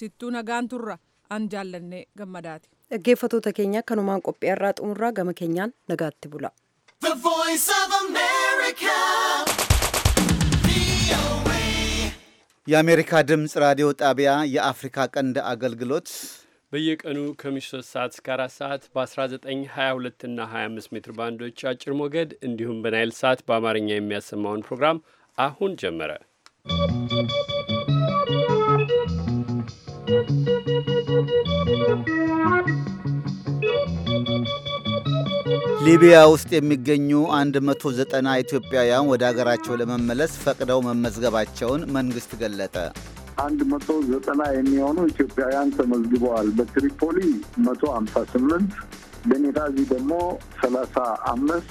tittuu nagaan turra an jaallannee gammadaati. Dhaggeeffattoota keenya akkanumaan qophii irraa xumurraa gama keenyaan nagaatti bula. የአሜሪካ ድምፅ ራዲዮ ጣቢያ የአፍሪካ ቀንድ አገልግሎት በየቀኑ ከምሽቱ 3 ሰዓት እስከ 4 ሰዓት በ1922 እና 25 ሜትር ባንዶች አጭር ሞገድ እንዲሁም በናይል ሰዓት በአማርኛ የሚያሰማውን ፕሮግራም አሁን ጀመረ። ሊቢያ ውስጥ የሚገኙ 190 ኢትዮጵያውያን ወደ አገራቸው ለመመለስ ፈቅደው መመዝገባቸውን መንግስት ገለጠ። አንድ መቶ ዘጠና የሚሆኑ ኢትዮጵያውያን ተመዝግበዋል። በትሪፖሊ መቶ ሀምሳ ስምንት ደግሞ ሰላሳ አምስት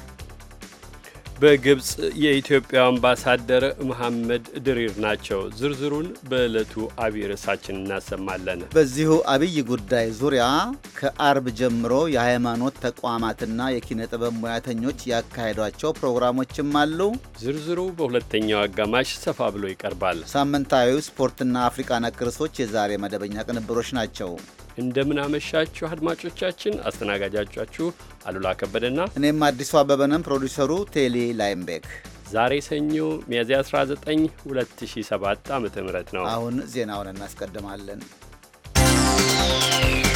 በግብፅ የኢትዮጵያ አምባሳደር መሐመድ ድሪር ናቸው። ዝርዝሩን በዕለቱ አብይ ርዕሳችን እናሰማለን። በዚሁ አብይ ጉዳይ ዙሪያ ከአርብ ጀምሮ የሃይማኖት ተቋማትና የኪነ ጥበብ ሙያተኞች ያካሄዷቸው ፕሮግራሞችም አሉ። ዝርዝሩ በሁለተኛው አጋማሽ ሰፋ ብሎ ይቀርባል። ሳምንታዊው ስፖርትና አፍሪካ ነክ ርዕሶች የዛሬ መደበኛ ቅንብሮች ናቸው። እንደምናመሻችሁ አድማጮቻችን። አስተናጋጃቻችሁ አሉላ ከበደና እኔም አዲሱ አበበነን። ፕሮዲሰሩ ቴሌ ላይምቤክ። ዛሬ ሰኞ ሚያዝያ 19 2007 ዓ ም ነው። አሁን ዜናውን እናስቀድማለን። Thank you.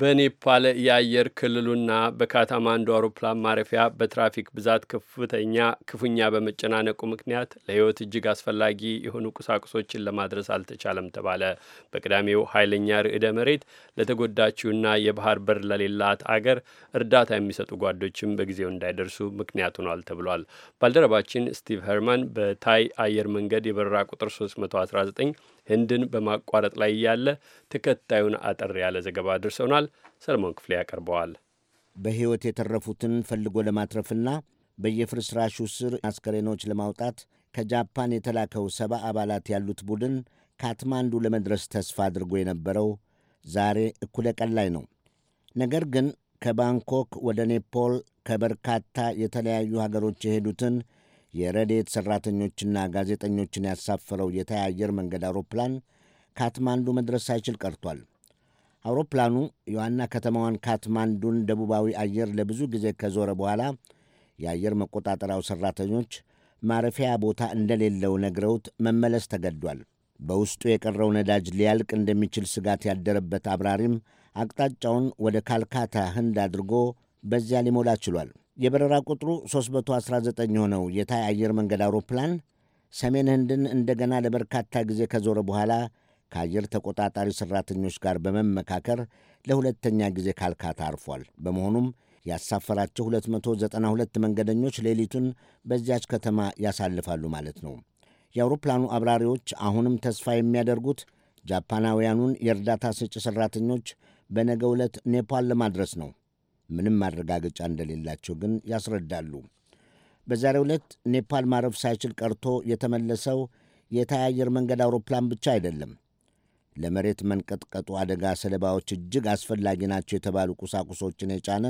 በኔፓል የአየር ክልሉና በካታማንዱ አውሮፕላን ማረፊያ በትራፊክ ብዛት ከፍተኛ ክፉኛ በመጨናነቁ ምክንያት ለሕይወት እጅግ አስፈላጊ የሆኑ ቁሳቁሶችን ለማድረስ አልተቻለም ተባለ። በቅዳሜው ኃይለኛ ርዕደ መሬት ለተጎዳችውና የባህር በር ለሌላት አገር እርዳታ የሚሰጡ ጓዶችም በጊዜው እንዳይደርሱ ምክንያት ሆኗል ተብሏል። ባልደረባችን ስቲቭ ሄርማን በታይ አየር መንገድ የበረራ ቁጥር 319 ህንድን በማቋረጥ ላይ ያለ ተከታዩን አጠር ያለ ዘገባ አድርሰውናል። ሰለሞን ክፍሌ ያቀርበዋል። በሕይወት የተረፉትን ፈልጎ ለማትረፍና በየፍርስራሹ ስር አስከሬኖች ለማውጣት ከጃፓን የተላከው ሰባ አባላት ያሉት ቡድን ካትማንዱ ለመድረስ ተስፋ አድርጎ የነበረው ዛሬ እኩለ ቀን ላይ ነው። ነገር ግን ከባንኮክ ወደ ኔፖል ከበርካታ የተለያዩ ሀገሮች የሄዱትን የረዴት ሠራተኞችና ጋዜጠኞችን ያሳፈረው የታይ አየር መንገድ አውሮፕላን ካትማንዱ መድረስ ሳይችል ቀርቷል። አውሮፕላኑ የዋና ከተማዋን ካትማንዱን ደቡባዊ አየር ለብዙ ጊዜ ከዞረ በኋላ የአየር መቆጣጠሪያው ሠራተኞች ማረፊያ ቦታ እንደሌለው ነግረውት መመለስ ተገዷል። በውስጡ የቀረው ነዳጅ ሊያልቅ እንደሚችል ስጋት ያደረበት አብራሪም አቅጣጫውን ወደ ካልካታ ህንድ አድርጎ በዚያ ሊሞላ ችሏል። የበረራ ቁጥሩ 319 የሆነው የታይ አየር መንገድ አውሮፕላን ሰሜን ህንድን እንደገና ለበርካታ ጊዜ ከዞረ በኋላ ከአየር ተቆጣጣሪ ሠራተኞች ጋር በመመካከር ለሁለተኛ ጊዜ ካልካታ አርፏል። በመሆኑም ያሳፈራቸው 292 መንገደኞች ሌሊቱን በዚያች ከተማ ያሳልፋሉ ማለት ነው። የአውሮፕላኑ አብራሪዎች አሁንም ተስፋ የሚያደርጉት ጃፓናውያኑን የእርዳታ ሰጪ ሠራተኞች በነገ ዕለት ኔፓል ለማድረስ ነው። ምንም ማረጋገጫ እንደሌላቸው ግን ያስረዳሉ። በዛሬው ዕለት ኔፓል ማረፍ ሳይችል ቀርቶ የተመለሰው የታይ አየር መንገድ አውሮፕላን ብቻ አይደለም። ለመሬት መንቀጥቀጡ አደጋ ሰለባዎች እጅግ አስፈላጊ ናቸው የተባሉ ቁሳቁሶችን የጫነ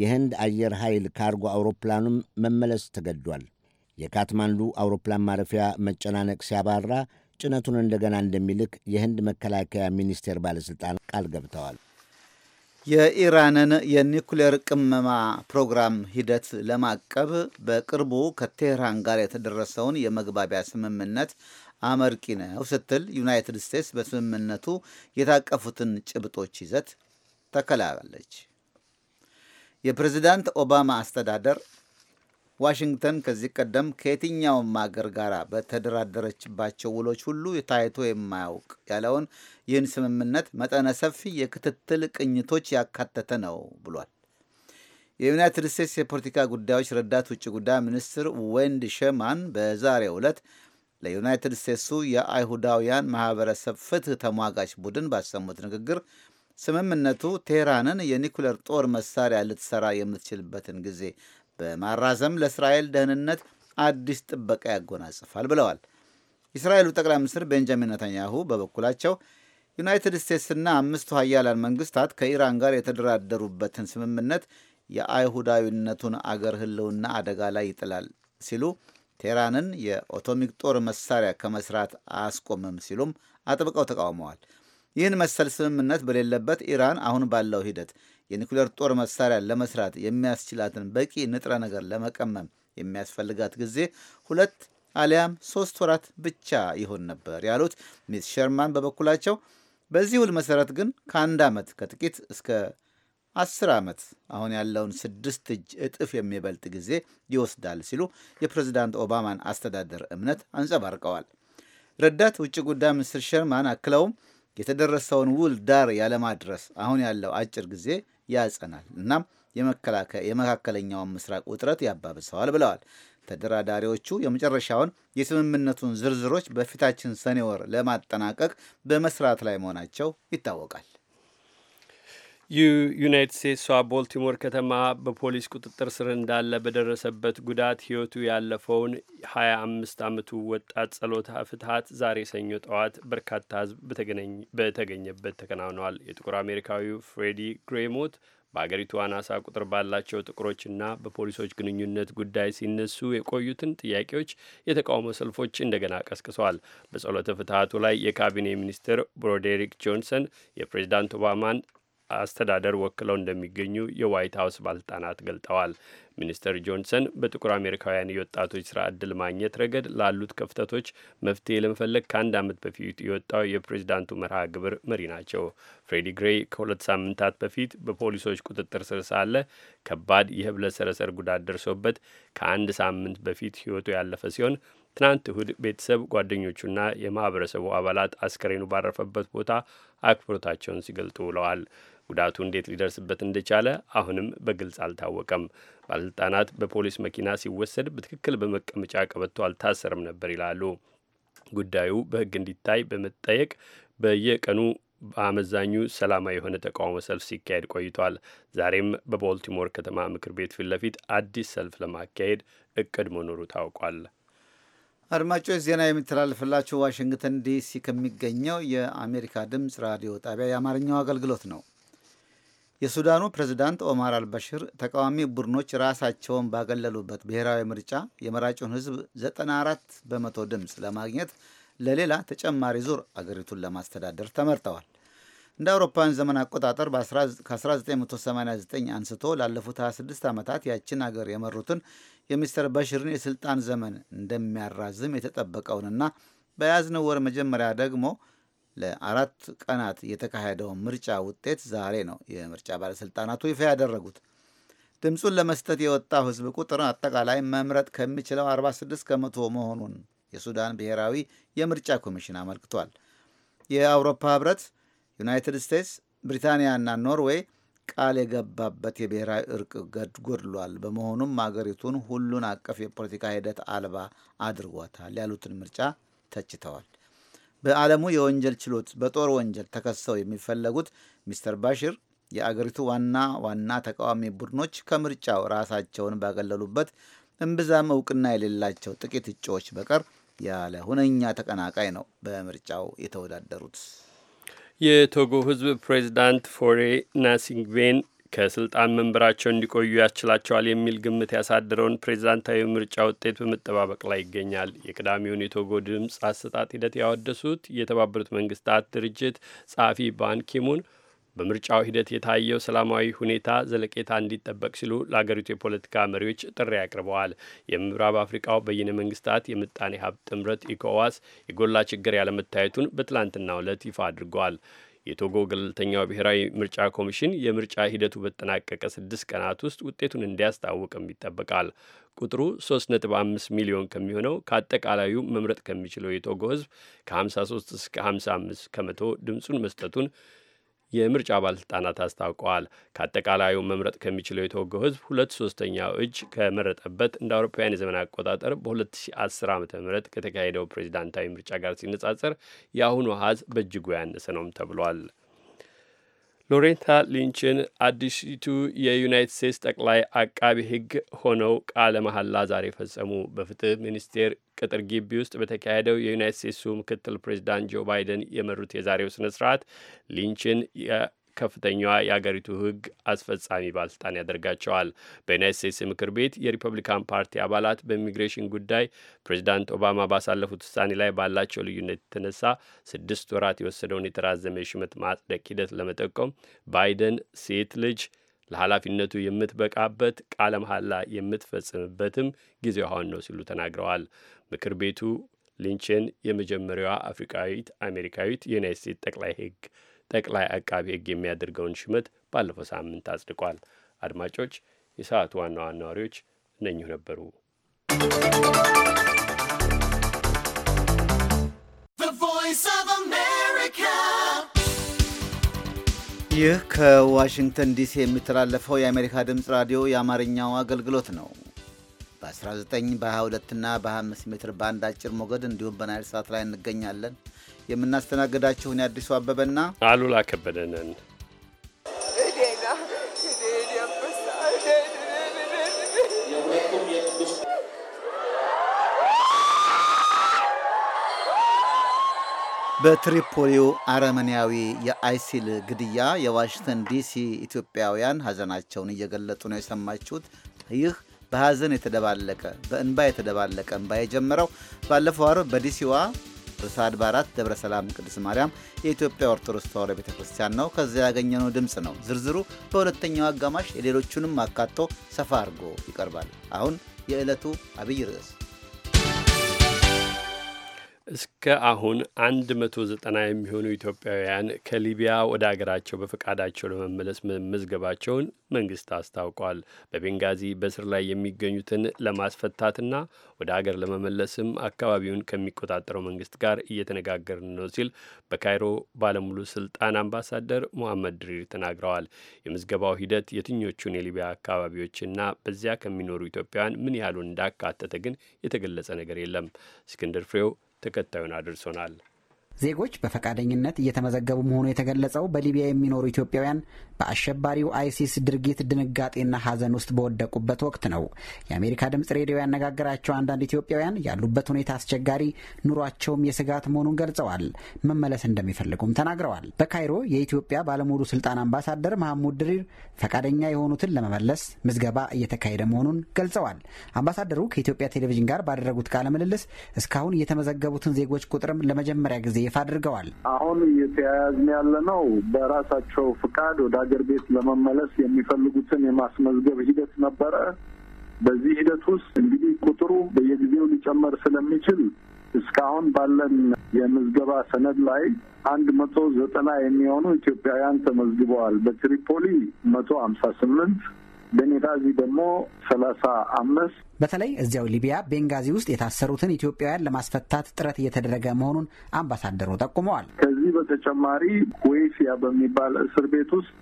የህንድ አየር ኃይል ካርጎ አውሮፕላኑም መመለስ ተገዷል። የካትማንዱ አውሮፕላን ማረፊያ መጨናነቅ ሲያባራ ጭነቱን እንደገና እንደሚልክ የህንድ መከላከያ ሚኒስቴር ባለሥልጣን ቃል ገብተዋል። የኢራንን የኒኩሌር ቅመማ ፕሮግራም ሂደት ለማቀብ በቅርቡ ከቴህራን ጋር የተደረሰውን የመግባቢያ ስምምነት አመርቂ ነው ስትል ዩናይትድ ስቴትስ በስምምነቱ የታቀፉትን ጭብጦች ይዘት ተከላለች። የፕሬዚዳንት ኦባማ አስተዳደር ዋሽንግተን ከዚህ ቀደም ከየትኛውም አገር ጋር በተደራደረችባቸው ውሎች ሁሉ ታይቶ የማያውቅ ያለውን ይህን ስምምነት መጠነ ሰፊ የክትትል ቅኝቶች ያካተተ ነው ብሏል። የዩናይትድ ስቴትስ የፖለቲካ ጉዳዮች ረዳት ውጭ ጉዳይ ሚኒስትር ዌንድ ሸማን በዛሬው ዕለት ለዩናይትድ ስቴትሱ የአይሁዳውያን ማህበረሰብ ፍትህ ተሟጋች ቡድን ባሰሙት ንግግር ስምምነቱ ቴህራንን የኒኩለር ጦር መሳሪያ ልትሰራ የምትችልበትን ጊዜ በማራዘም ለእስራኤል ደህንነት አዲስ ጥበቃ ያጎናጽፋል ብለዋል። የእስራኤሉ ጠቅላይ ሚኒስትር ቤንጃሚን ነታንያሁ በበኩላቸው ዩናይትድ ስቴትስና አምስቱ ሀያላን መንግስታት ከኢራን ጋር የተደራደሩበትን ስምምነት የአይሁዳዊነቱን አገር ህልውና አደጋ ላይ ይጥላል ሲሉ ቴህራንን የኦቶሚክ ጦር መሳሪያ ከመስራት አያስቆምም ሲሉም አጥብቀው ተቃውመዋል። ይህን መሰል ስምምነት በሌለበት ኢራን አሁን ባለው ሂደት የኒኩሌር ጦር መሳሪያ ለመስራት የሚያስችላትን በቂ ንጥረ ነገር ለመቀመም የሚያስፈልጋት ጊዜ ሁለት አሊያም ሶስት ወራት ብቻ ይሆን ነበር ያሉት ሚስ ሸርማን በበኩላቸው በዚህ ውል መሰረት ግን ከአንድ ዓመት ከጥቂት እስከ አስር ዓመት አሁን ያለውን ስድስት እጅ እጥፍ የሚበልጥ ጊዜ ይወስዳል ሲሉ የፕሬዚዳንት ኦባማን አስተዳደር እምነት አንጸባርቀዋል። ረዳት ውጭ ጉዳይ ሚኒስትር ሸርማን አክለውም የተደረሰውን ውል ዳር ያለማድረስ አሁን ያለው አጭር ጊዜ ያጸናል እናም የመካከለኛውን ምስራቅ ውጥረት ያባብሰዋል ብለዋል። ተደራዳሪዎቹ የመጨረሻውን የስምምነቱን ዝርዝሮች በፊታችን ሰኔ ወር ለማጠናቀቅ በመስራት ላይ መሆናቸው ይታወቃል። የዩናይትድ ስቴትሷ ቦልቲሞር ከተማ በፖሊስ ቁጥጥር ስር እንዳለ በደረሰበት ጉዳት ሕይወቱ ያለፈውን ሀያ አምስት ዓመቱ ወጣት ጸሎት ፍትሀት ዛሬ ሰኞ ጠዋት በርካታ ሕዝብ በተገኘበት ተከናውነዋል። የጥቁር አሜሪካዊው ፍሬዲ ግሬ ሞት በአገሪቱ አናሳ ቁጥር ባላቸው ጥቁሮችና በፖሊሶች ግንኙነት ጉዳይ ሲነሱ የቆዩትን ጥያቄዎች የተቃውሞ ሰልፎች እንደገና ቀስቅሰዋል። በጸሎተ ፍትሀቱ ላይ የካቢኔ ሚኒስትር ብሮዴሪክ ጆንሰን የፕሬዚዳንት ኦባማን አስተዳደር ወክለው እንደሚገኙ የዋይት ሀውስ ባለስልጣናት ገልጠዋል። ሚኒስትር ጆንሰን በጥቁር አሜሪካውያን የወጣቶች ስራ ዕድል ማግኘት ረገድ ላሉት ክፍተቶች መፍትሄ ለመፈለግ ከአንድ ዓመት በፊት የወጣው የፕሬዚዳንቱ መርሃ ግብር መሪ ናቸው። ፍሬዲ ግሬይ ከሁለት ሳምንታት በፊት በፖሊሶች ቁጥጥር ስር ሳለ ከባድ የህብለሰረሰር ሰረሰር ጉዳት ደርሶበት ከአንድ ሳምንት በፊት ህይወቱ ያለፈ ሲሆን ትናንት እሁድ ቤተሰብ ጓደኞቹና የማህበረሰቡ አባላት አስከሬኑ ባረፈበት ቦታ አክብሮታቸውን ሲገልጡ ውለዋል። ጉዳቱ እንዴት ሊደርስበት እንደቻለ አሁንም በግልጽ አልታወቀም። ባለስልጣናት በፖሊስ መኪና ሲወሰድ በትክክል በመቀመጫ ቀበቶ አልታሰርም ነበር ይላሉ። ጉዳዩ በሕግ እንዲታይ በመጠየቅ በየቀኑ በአመዛኙ ሰላማዊ የሆነ ተቃውሞ ሰልፍ ሲካሄድ ቆይቷል። ዛሬም በቦልቲሞር ከተማ ምክር ቤት ፊት ለፊት አዲስ ሰልፍ ለማካሄድ እቅድ መኖሩ ታውቋል። አድማጮች ዜና የሚተላለፍላችሁ ዋሽንግተን ዲሲ ከሚገኘው የአሜሪካ ድምፅ ራዲዮ ጣቢያ የአማርኛው አገልግሎት ነው። የሱዳኑ ፕሬዝዳንት ኦማር አልበሽር ተቃዋሚ ቡድኖች ራሳቸውን ባገለሉበት ብሔራዊ ምርጫ የመራጩን ህዝብ 94 በመቶ ድምፅ ለማግኘት ለሌላ ተጨማሪ ዙር አገሪቱን ለማስተዳደር ተመርጠዋል። እንደ አውሮፓውያን ዘመን አቆጣጠር ከ1989 አንስቶ ላለፉት 26 ዓመታት ያችን አገር የመሩትን የሚስተር በሽርን የስልጣን ዘመን እንደሚያራዝም የተጠበቀውንና በያዝነው ወር መጀመሪያ ደግሞ ለአራት ቀናት የተካሄደውን ምርጫ ውጤት ዛሬ ነው የምርጫ ባለስልጣናቱ ይፋ ያደረጉት። ድምፁን ለመስጠት የወጣው ህዝብ ቁጥር አጠቃላይ መምረጥ ከሚችለው 46 ከመቶ መሆኑን የሱዳን ብሔራዊ የምርጫ ኮሚሽን አመልክቷል። የአውሮፓ ህብረት፣ ዩናይትድ ስቴትስ፣ ብሪታንያና ኖርዌይ ቃል የገባበት የብሔራዊ እርቅ ጎድሏል። በመሆኑም አገሪቱን ሁሉን አቀፍ የፖለቲካ ሂደት አልባ አድርጓታል ያሉትን ምርጫ ተችተዋል። በዓለሙ የወንጀል ችሎት በጦር ወንጀል ተከሰው የሚፈለጉት ሚስተር ባሽር የአገሪቱ ዋና ዋና ተቃዋሚ ቡድኖች ከምርጫው ራሳቸውን ባገለሉበት እምብዛም እውቅና የሌላቸው ጥቂት እጩዎች በቀር ያለ ሁነኛ ተቀናቃይ ነው በምርጫው የተወዳደሩት። የቶጎ ሕዝብ ፕሬዚዳንት ፎሬ ናሲንግቬን ከስልጣን መንበራቸው እንዲቆዩ ያስችላቸዋል የሚል ግምት ያሳደረውን ፕሬዚዳንታዊ ምርጫ ውጤት በመጠባበቅ ላይ ይገኛል። የቅዳሜውን የቶጎ ድምፅ አሰጣጥ ሂደት ያወደሱት የተባበሩት መንግስታት ድርጅት ጸሐፊ ባንኪሙን በምርጫው ሂደት የታየው ሰላማዊ ሁኔታ ዘለቄታ እንዲጠበቅ ሲሉ ለአገሪቱ የፖለቲካ መሪዎች ጥሪ አቅርበዋል። የምዕራብ አፍሪቃው በይነ መንግስታት የምጣኔ ሀብት ጥምረት ኢኮዋስ የጎላ ችግር ያለመታየቱን በትላንትናው ዕለት ይፋ አድርጓል። የቶጎ ገለልተኛው ብሔራዊ ምርጫ ኮሚሽን የምርጫ ሂደቱ በተጠናቀቀ ስድስት ቀናት ውስጥ ውጤቱን እንዲያስታውቅም ይጠበቃል። ቁጥሩ 3.5 ሚሊዮን ከሚሆነው ከአጠቃላዩ መምረጥ ከሚችለው የቶጎ ህዝብ ከ53 እስከ 55 ከመቶ ድምፁን መስጠቱን የምርጫ ባለስልጣናት አስታውቀዋል። ከአጠቃላዩ መምረጥ ከሚችለው የተወገው ህዝብ ሁለት ሶስተኛው እጅ ከመረጠበት እንደ አውሮፓውያን የዘመን አቆጣጠር በ2010 ዓ ም ከተካሄደው ፕሬዚዳንታዊ ምርጫ ጋር ሲነጻጸር የአሁኑ አሃዝ በእጅጉ ያነሰ ነውም ተብሏል። ሎሬታ ሊንችን አዲሲቱ የዩናይት ስቴትስ ጠቅላይ አቃቢ ሕግ ሆነው ቃለ መሐላ ዛሬ ፈጸሙ። በፍትህ ሚኒስቴር ቅጥር ግቢ ውስጥ በተካሄደው የዩናይት ስቴትሱ ምክትል ፕሬዚዳንት ጆ ባይደን የመሩት የዛሬው ስነ ስርዓት ሊንችን ከፍተኛዋ የአገሪቱ ሕግ አስፈጻሚ ባለስልጣን ያደርጋቸዋል። በዩናይት ስቴትስ ምክር ቤት የሪፐብሊካን ፓርቲ አባላት በኢሚግሬሽን ጉዳይ ፕሬዚዳንት ኦባማ ባሳለፉት ውሳኔ ላይ ባላቸው ልዩነት የተነሳ ስድስት ወራት የወሰደውን የተራዘመ የሹመት ማጽደቅ ሂደት ለመጠቆም ባይደን ሴት ልጅ ለኃላፊነቱ የምትበቃበት ቃለ መሐላ የምትፈጽምበትም ጊዜው አሁን ነው ሲሉ ተናግረዋል። ምክር ቤቱ ሊንችን የመጀመሪያዋ አፍሪካዊት አሜሪካዊት የዩናይት ስቴትስ ጠቅላይ ሕግ ጠቅላይ አቃቢ ሕግ የሚያደርገውን ሹመት ባለፈው ሳምንት አጽድቋል። አድማጮች፣ የሰዓቱ ዋና ዋና ወሬዎች እነኚሁ ነበሩ። ይህ ከዋሽንግተን ዲሲ የሚተላለፈው የአሜሪካ ድምፅ ራዲዮ የአማርኛው አገልግሎት ነው። በ19 በ22 እና በ25 ሜትር ባንድ አጭር ሞገድ እንዲሁም በናይል ሳት ላይ እንገኛለን። የምናስተናግዳችሁን የአዲሱ አበበና አሉላ ከበደንን በትሪፖሊው አረመኔያዊ የአይሲል ግድያ የዋሽንግተን ዲሲ ኢትዮጵያውያን ሀዘናቸውን እየገለጡ ነው የሰማችሁት። ይህ በሐዘን የተደባለቀ በእንባ የተደባለቀ እንባ የጀመረው ባለፈው አርብ በዲሲዋ ርዕሰ አድባራት ደብረ ሰላም ቅድስት ማርያም የኢትዮጵያ ኦርቶዶክስ ተዋሕዶ ቤተ ክርስቲያን ነው። ከዚያ ያገኘነው ድምፅ ነው። ዝርዝሩ በሁለተኛው አጋማሽ የሌሎቹንም አካቶ ሰፋ አድርጎ ይቀርባል። አሁን የዕለቱ አብይ ርዕስ እስከ አሁን 190 የሚሆኑ ኢትዮጵያውያን ከሊቢያ ወደ አገራቸው በፈቃዳቸው ለመመለስ መመዝገባቸውን መንግስት አስታውቋል። በቤንጋዚ በስር ላይ የሚገኙትን ለማስፈታትና ወደ አገር ለመመለስም አካባቢውን ከሚቆጣጠረው መንግስት ጋር እየተነጋገርን ነው ሲል በካይሮ ባለሙሉ ስልጣን አምባሳደር ሞሐመድ ድሪር ተናግረዋል። የምዝገባው ሂደት የትኞቹን የሊቢያ አካባቢዎችና በዚያ ከሚኖሩ ኢትዮጵያውያን ምን ያህሉን እንዳካተተ ግን የተገለጸ ነገር የለም። እስክንድር ፍሬው ተከታዩን አድርሶናል። ዜጎች በፈቃደኝነት እየተመዘገቡ መሆኑ የተገለጸው በሊቢያ የሚኖሩ ኢትዮጵያውያን በአሸባሪው አይሲስ ድርጊት ድንጋጤና ሐዘን ውስጥ በወደቁበት ወቅት ነው። የአሜሪካ ድምፅ ሬዲዮ ያነጋገራቸው አንዳንድ ኢትዮጵያውያን ያሉበት ሁኔታ አስቸጋሪ፣ ኑሯቸውም የስጋት መሆኑን ገልጸዋል። መመለስ እንደሚፈልጉም ተናግረዋል። በካይሮ የኢትዮጵያ ባለሙሉ ስልጣን አምባሳደር መሐሙድ ድሪር ፈቃደኛ የሆኑትን ለመመለስ ምዝገባ እየተካሄደ መሆኑን ገልጸዋል። አምባሳደሩ ከኢትዮጵያ ቴሌቪዥን ጋር ባደረጉት ቃለ ምልልስ እስካሁን የተመዘገቡትን ዜጎች ቁጥርም ለመጀመሪያ ጊዜ ይፋ አድርገዋል። አሁን እየተያያዝን ያለ ነው በራሳቸው ፍቃድ ወደ ሀገር ቤት ለመመለስ የሚፈልጉትን የማስመዝገብ ሂደት ነበረ። በዚህ ሂደት ውስጥ እንግዲህ ቁጥሩ በየጊዜው ሊጨመር ስለሚችል እስካሁን ባለን የምዝገባ ሰነድ ላይ አንድ መቶ ዘጠና የሚሆኑ ኢትዮጵያውያን ተመዝግበዋል። በትሪፖሊ መቶ ሀምሳ ስምንት ቤንጋዚ ደግሞ ሰላሳ አምስት በተለይ እዚያው ሊቢያ ቤንጋዚ ውስጥ የታሰሩትን ኢትዮጵያውያን ለማስፈታት ጥረት እየተደረገ መሆኑን አምባሳደሩ ጠቁመዋል። ከዚህ በተጨማሪ ወይሲያ በሚባል እስር ቤት ውስጥ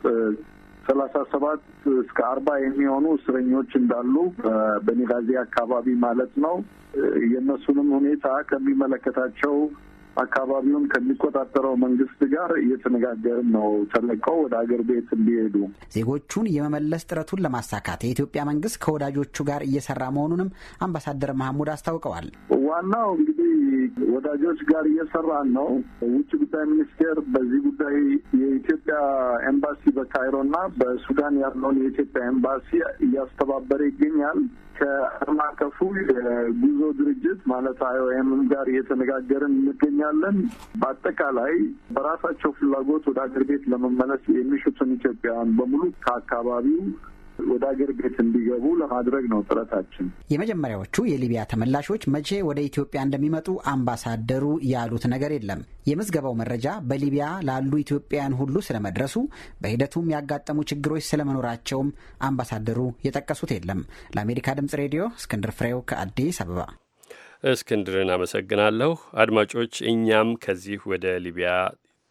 ሰላሳ ሰባት እስከ አርባ የሚሆኑ እስረኞች እንዳሉ በኒጋዚ አካባቢ ማለት ነው። የእነሱንም ሁኔታ ከሚመለከታቸው አካባቢውን ከሚቆጣጠረው መንግስት ጋር እየተነጋገርን ነው። ተለቀው ወደ አገር ቤት እንዲሄዱ ዜጎቹን የመመለስ ጥረቱን ለማሳካት የኢትዮጵያ መንግስት ከወዳጆቹ ጋር እየሰራ መሆኑንም አምባሳደር መሐሙድ አስታውቀዋል። ዋናው እንግዲህ ወዳጆች ጋር እየሰራን ነው። ውጭ ጉዳይ ሚኒስቴር በዚህ ጉዳይ የኢትዮጵያ ኤምባሲ በካይሮና በሱዳን ያለውን የኢትዮጵያ ኤምባሲ እያስተባበረ ይገኛል። ከዓለም አቀፉ የጉዞ ድርጅት ማለት አይኦኤምም ጋር እየተነጋገርን እንገኛለን። በአጠቃላይ በራሳቸው ፍላጎት ወደ አገር ቤት ለመመለስ የሚሹትን ኢትዮጵያውያን በሙሉ ከአካባቢው ወደ አገር ቤት እንዲገቡ ለማድረግ ነው ጥረታችን። የመጀመሪያዎቹ የሊቢያ ተመላሾች መቼ ወደ ኢትዮጵያ እንደሚመጡ አምባሳደሩ ያሉት ነገር የለም። የምዝገባው መረጃ በሊቢያ ላሉ ኢትዮጵያውያን ሁሉ ስለመድረሱ፣ በሂደቱም ያጋጠሙ ችግሮች ስለመኖራቸውም አምባሳደሩ የጠቀሱት የለም። ለአሜሪካ ድምጽ ሬዲዮ እስክንድር ፍሬው ከአዲስ አበባ። እስክንድርን አመሰግናለሁ። አድማጮች እኛም ከዚህ ወደ ሊቢያ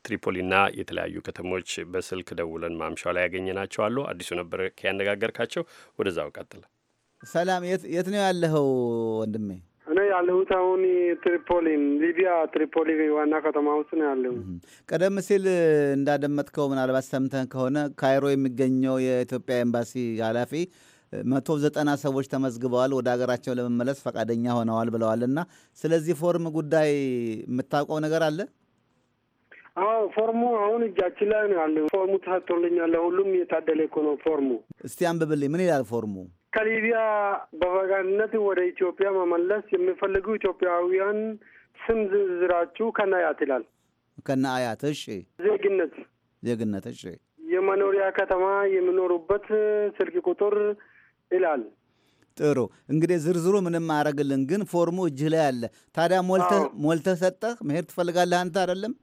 ትሪፖሊና የተለያዩ ከተሞች በስልክ ደውለን ማምሻው ላይ ያገኘናቸው አሉ። አዲሱ ነበር ያነጋገርካቸው። ወደዛው ቀጥል። ሰላም፣ የት ነው ያለኸው ወንድሜ? እኔ ያለሁት አሁን ትሪፖሊን ሊቢያ፣ ትሪፖሊ ዋና ከተማ ውስጥ ነው ያለው። ቀደም ሲል እንዳደመጥከው ምናልባት ሰምተን ከሆነ ካይሮ የሚገኘው የኢትዮጵያ ኤምባሲ ኃላፊ መቶ ዘጠና ሰዎች ተመዝግበዋል ወደ ሀገራቸው ለመመለስ ፈቃደኛ ሆነዋል ብለዋል። እና ስለዚህ ፎርም ጉዳይ የምታውቀው ነገር አለ? አዎ ፎርሙ አሁን እጃችን ላይ ነው ያለ። ፎርሙ ተሰጥቶልኛል። ለሁሉም እየታደለ እኮ ነው ፎርሙ። እስቲ አንብብልኝ። ምን ይላል ፎርሙ? ከሊቢያ በፈቃደኝነት ወደ ኢትዮጵያ መመለስ የሚፈልጉ ኢትዮጵያውያን ስም ዝርዝራችሁ ከነ አያት ይላል። ከነ እሺ። ዜግነት፣ ዜግነት። እሺ። የመኖሪያ ከተማ፣ የሚኖሩበት ስልክ ቁጥር ይላል። ጥሩ እንግዲህ ዝርዝሩ ምንም አረግልን፣ ግን ፎርሙ እጅህ ላይ አለ። ታዲያ ሞልተህ ሰጠህ መሄድ ትፈልጋለህ አንተ አይደለም?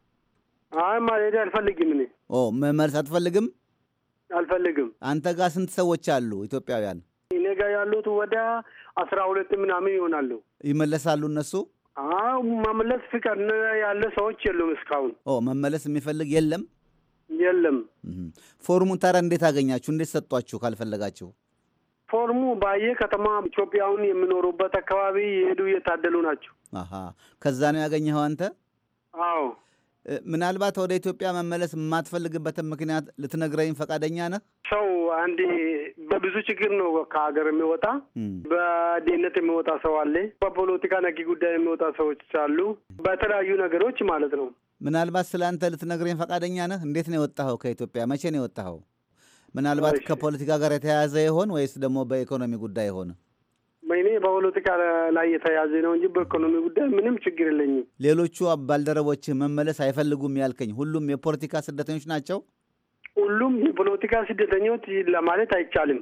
አይ ማለቴ አልፈልግም። እኔ ኦ መመለስ አትፈልግም? አልፈልግም። አንተ ጋር ስንት ሰዎች አሉ ኢትዮጵያውያን? እኔ ጋር ያሉት ወደ አስራ ሁለት ምናምን ይሆናሉ። ይመለሳሉ እነሱ? አዎ መመለስ ፍቃድ ያለ ሰዎች የሉም እስካሁን። ኦ መመለስ የሚፈልግ የለም የለም። ፎርሙን ታዲያ እንዴት አገኛችሁ? እንዴት ሰጧችሁ? ካልፈለጋችሁ ፎርሙ ባየ ከተማ ኢትዮጵያውን የሚኖሩበት አካባቢ የሄዱ እየታደሉ ናቸው። ከዛ ነው ያገኘኸው አንተ? አዎ ምናልባት ወደ ኢትዮጵያ መመለስ የማትፈልግበትን ምክንያት ልትነግረኝ ፈቃደኛ ነህ? ሰው አንድ በብዙ ችግር ነው ከሀገር የሚወጣ በድህነት የሚወጣ ሰው አለ። በፖለቲካ ነኪ ጉዳይ የሚወጣ ሰዎች አሉ። በተለያዩ ነገሮች ማለት ነው። ምናልባት ስለ አንተ ልትነግረኝ ፈቃደኛ ነህ? እንዴት ነው የወጣኸው? ከኢትዮጵያ መቼ ነው የወጣኸው? ምናልባት ከፖለቲካ ጋር የተያያዘ ይሆን ወይስ ደግሞ በኢኮኖሚ ጉዳይ ይሆን? እኔ በፖለቲካ ላይ የተያዘ ነው እንጂ በኢኮኖሚ ጉዳይ ምንም ችግር የለኝም። ሌሎቹ ባልደረቦችህ መመለስ አይፈልጉም ያልከኝ ሁሉም የፖለቲካ ስደተኞች ናቸው? ሁሉም የፖለቲካ ስደተኞች ለማለት አይቻልም።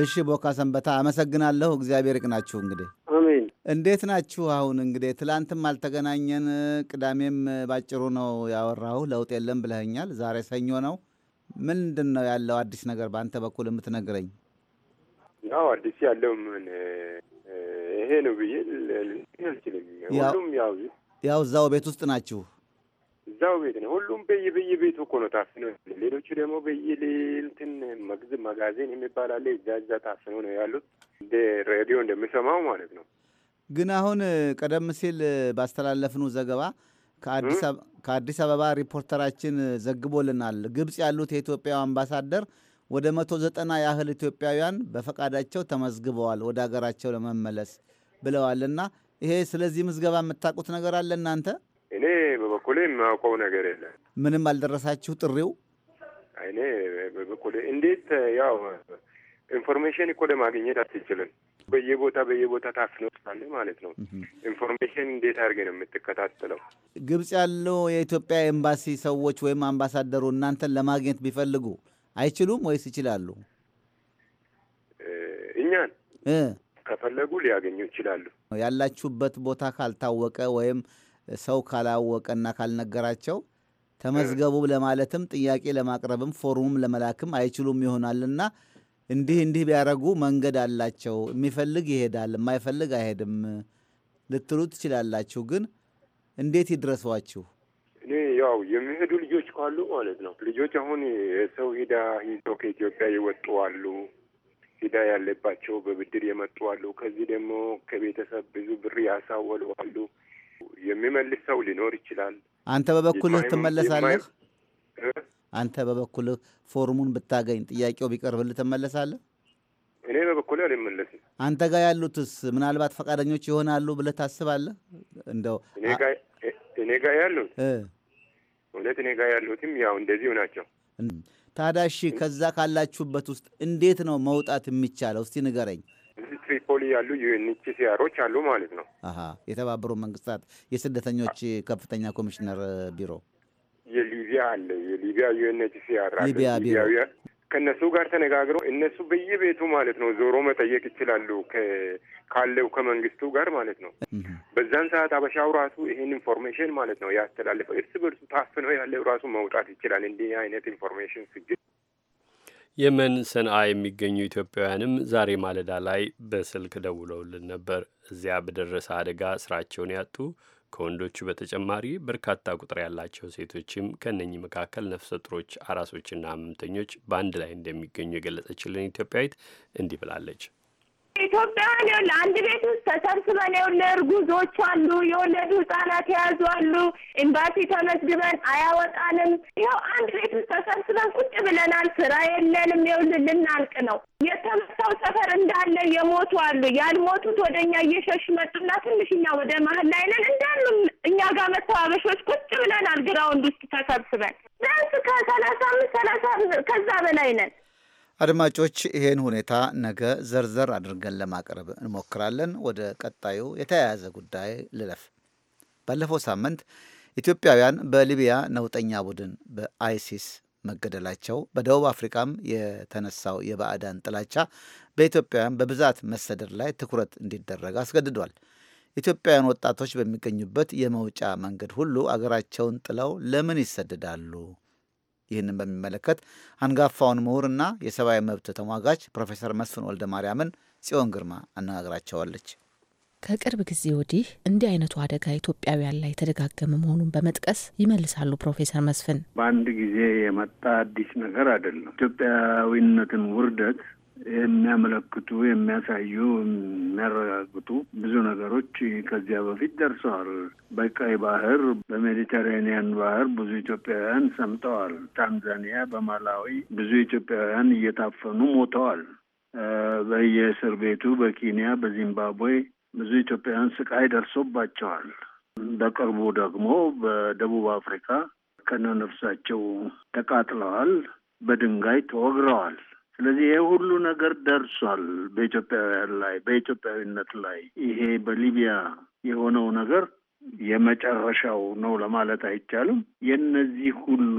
እሺ፣ ቦካ ሰንበታ አመሰግናለሁ። እግዚአብሔር ይቅናችሁ። እንግዲህ አሜን። እንዴት ናችሁ? አሁን እንግዲህ ትላንትም አልተገናኘን፣ ቅዳሜም ባጭሩ ነው ያወራሁ። ለውጥ የለም ብለኸኛል። ዛሬ ሰኞ ነው። ምንድን ነው ያለው አዲስ ነገር በአንተ በኩል የምትነግረኝ? ያው አዲስ ያለው ምን ይሄ ነው ብዬ አልችልም። ሁሉም ያው ያው እዛው ቤት ውስጥ ናችሁ? እዛው ቤት ነው ሁሉም በየ በየ ቤቱ እኮ ነው ታፍነው። ሌሎቹ ደግሞ በየ ሌልትን መግዝ መጋዜን የሚባል አለ እዛ እዛ ታፍነው ነው ያሉት እንደ ሬዲዮ እንደምሰማው ማለት ነው። ግን አሁን ቀደም ሲል ባስተላለፍኑ ዘገባ ከአዲስ አበባ ሪፖርተራችን ዘግቦልናል። ግብጽ ያሉት የኢትዮጵያው አምባሳደር ወደ 190 ያህል ኢትዮጵያውያን በፈቃዳቸው ተመዝግበዋል ወደ ሀገራቸው ለመመለስ ብለዋልና ይሄ ስለዚህ ምዝገባ የምታውቁት ነገር አለ እናንተ? እኔ በበኩሌ የማውቀው ነገር የለም። ምንም አልደረሳችሁ ጥሪው? እኔ በበኩሌ እንዴት ያው ኢንፎርሜሽን እኮ ለማግኘት አትችልም። በየቦታ በየቦታ ታፍነው ስላለ ማለት ነው። ኢንፎርሜሽን እንዴት አድርገ ነው የምትከታተለው? ግብጽ ያለው የኢትዮጵያ ኤምባሲ ሰዎች ወይም አምባሳደሩ እናንተን ለማግኘት ቢፈልጉ አይችሉም ወይስ ይችላሉ? እኛን ከፈለጉ ሊያገኙ ይችላሉ። ያላችሁበት ቦታ ካልታወቀ ወይም ሰው ካላወቀና ካልነገራቸው ተመዝገቡ ለማለትም ጥያቄ ለማቅረብም ፎርሙም ለመላክም አይችሉም ይሆናልና እንዲህ እንዲህ ቢያደርጉ መንገድ አላቸው። የሚፈልግ ይሄዳል፣ የማይፈልግ አይሄድም ልትሉ ትችላላችሁ። ግን እንዴት ይድረሷችሁ? እኔ ያው የሚሄዱ አሉ ማለት ነው። ልጆች አሁን የሰው ሂዳ ይዘው ከኢትዮጵያ የወጡ አሉ፣ ሂዳ ያለባቸው በብድር የመጡ አሉ። ከዚህ ደግሞ ከቤተሰብ ብዙ ብር ያሳወሉ አሉ። የሚመልስ ሰው ሊኖር ይችላል። አንተ በበኩልህ ትመለሳለህ? አንተ በበኩልህ ፎርሙን ብታገኝ ጥያቄው ቢቀርብልህ ትመለሳለህ? እኔ በበኩል አልመለስም። አንተ ጋር ያሉትስ ምናልባት ፈቃደኞች ይሆናሉ ብለህ ታስባለህ? እንደው እኔ ጋር ያሉት እውነት እኔ ጋር ያሉትም ያው እንደዚሁ ናቸው። ታዳሺ ከዛ ካላችሁበት ውስጥ እንዴት ነው መውጣት የሚቻለው? እስቲ ንገረኝ። እዚህ ትሪፖሊ ያሉ ዩኤንኤችሲአሮች አሉ ማለት ነው። አሀ የተባበሩ መንግስታት የስደተኞች ከፍተኛ ኮሚሽነር ቢሮ የሊቢያ አለ። የሊቢያ ዩኤንኤችሲአር ሊቢያ ከእነሱ ጋር ተነጋግረው እነሱ በየቤቱ ማለት ነው ዞሮ መጠየቅ ይችላሉ፣ ካለው ከመንግስቱ ጋር ማለት ነው። በዛን ሰዓት አበሻው ራሱ ይሄን ኢንፎርሜሽን ማለት ነው ያስተላልፈው። እርስ በርሱ ታፍነው ያለው ራሱ መውጣት ይችላል። እንዲህ አይነት ኢንፎርሜሽን ስግል የመን ሰንአ የሚገኙ ኢትዮጵያውያንም ዛሬ ማለዳ ላይ በስልክ ደውለውልን ነበር። እዚያ በደረሰ አደጋ ስራቸውን ያጡ ከወንዶቹ በተጨማሪ በርካታ ቁጥር ያላቸው ሴቶችም ከነኚህ መካከል ነፍሰ ጡሮች፣ አራሶችና ሕመምተኞች በአንድ ላይ እንደሚገኙ የገለጸችልን ኢትዮጵያዊት እንዲህ ብላለች። ኢትዮጵያውያን ይኸውልህ አንድ ቤት ውስጥ ተሰብስበን ይኸውልህ እርጉዞች አሉ፣ የወለዱ ህጻናት የያዙ አሉ፣ ኤምባሲ ተመዝግበን አያወጣንም። ይኸው አንድ ቤት ውስጥ ተሰብስበን ቁጭ ብለናል። ስራ የለንም። ይኸውልህ ልናልቅ ነው። የተመታው ሰፈር እንዳለ የሞቱ አሉ። ያልሞቱት ወደ እኛ እየሸሽ መጡና ትንሽ እኛ ወደ መሀል ላይ ነን እንዳሉ እኛ ጋር መተው አበሾች ቁጭ ብለናል። ግራውንድ ውስጥ ተሰብስበን ቢያንስ ከሰላሳ አምስት ሰላሳ ከዛ በላይ ነን። አድማጮች ይሄን ሁኔታ ነገ ዘርዘር አድርገን ለማቅረብ እንሞክራለን። ወደ ቀጣዩ የተያያዘ ጉዳይ ልለፍ። ባለፈው ሳምንት ኢትዮጵያውያን በሊቢያ ነውጠኛ ቡድን በአይሲስ መገደላቸው፣ በደቡብ አፍሪካም የተነሳው የባዕዳን ጥላቻ በኢትዮጵያውያን በብዛት መሰደድ ላይ ትኩረት እንዲደረግ አስገድዷል። ኢትዮጵያውያን ወጣቶች በሚገኙበት የመውጫ መንገድ ሁሉ አገራቸውን ጥለው ለምን ይሰደዳሉ? ይህንን በሚመለከት አንጋፋውን ምሁርና የሰብአዊ መብት ተሟጋች ፕሮፌሰር መስፍን ወልደ ማርያምን ጽዮን ግርማ አነጋግራቸዋለች። ከቅርብ ጊዜ ወዲህ እንዲህ አይነቱ አደጋ ኢትዮጵያውያን ላይ የተደጋገመ መሆኑን በመጥቀስ ይመልሳሉ ፕሮፌሰር መስፍን። በአንድ ጊዜ የመጣ አዲስ ነገር አይደለም። ኢትዮጵያዊነትን ውርደት የሚያመለክቱ የሚያሳዩ፣ የሚያረጋግጡ ብዙ ነገሮች ከዚያ በፊት ደርሰዋል። በቀይ ባህር፣ በሜዲተራኒያን ባህር ብዙ ኢትዮጵያውያን ሰምጠዋል። ታንዛኒያ፣ በማላዊ ብዙ ኢትዮጵያውያን እየታፈኑ ሞተዋል። በየእስር ቤቱ በኬንያ፣ በዚምባብዌ ብዙ ኢትዮጵያውያን ስቃይ ደርሶባቸዋል። በቅርቡ ደግሞ በደቡብ አፍሪካ ከነነፍሳቸው ተቃጥለዋል፣ በድንጋይ ተወግረዋል። ስለዚህ ይሄ ሁሉ ነገር ደርሷል በኢትዮጵያውያን ላይ በኢትዮጵያዊነት ላይ። ይሄ በሊቢያ የሆነው ነገር የመጨረሻው ነው ለማለት አይቻልም። የእነዚህ ሁሉ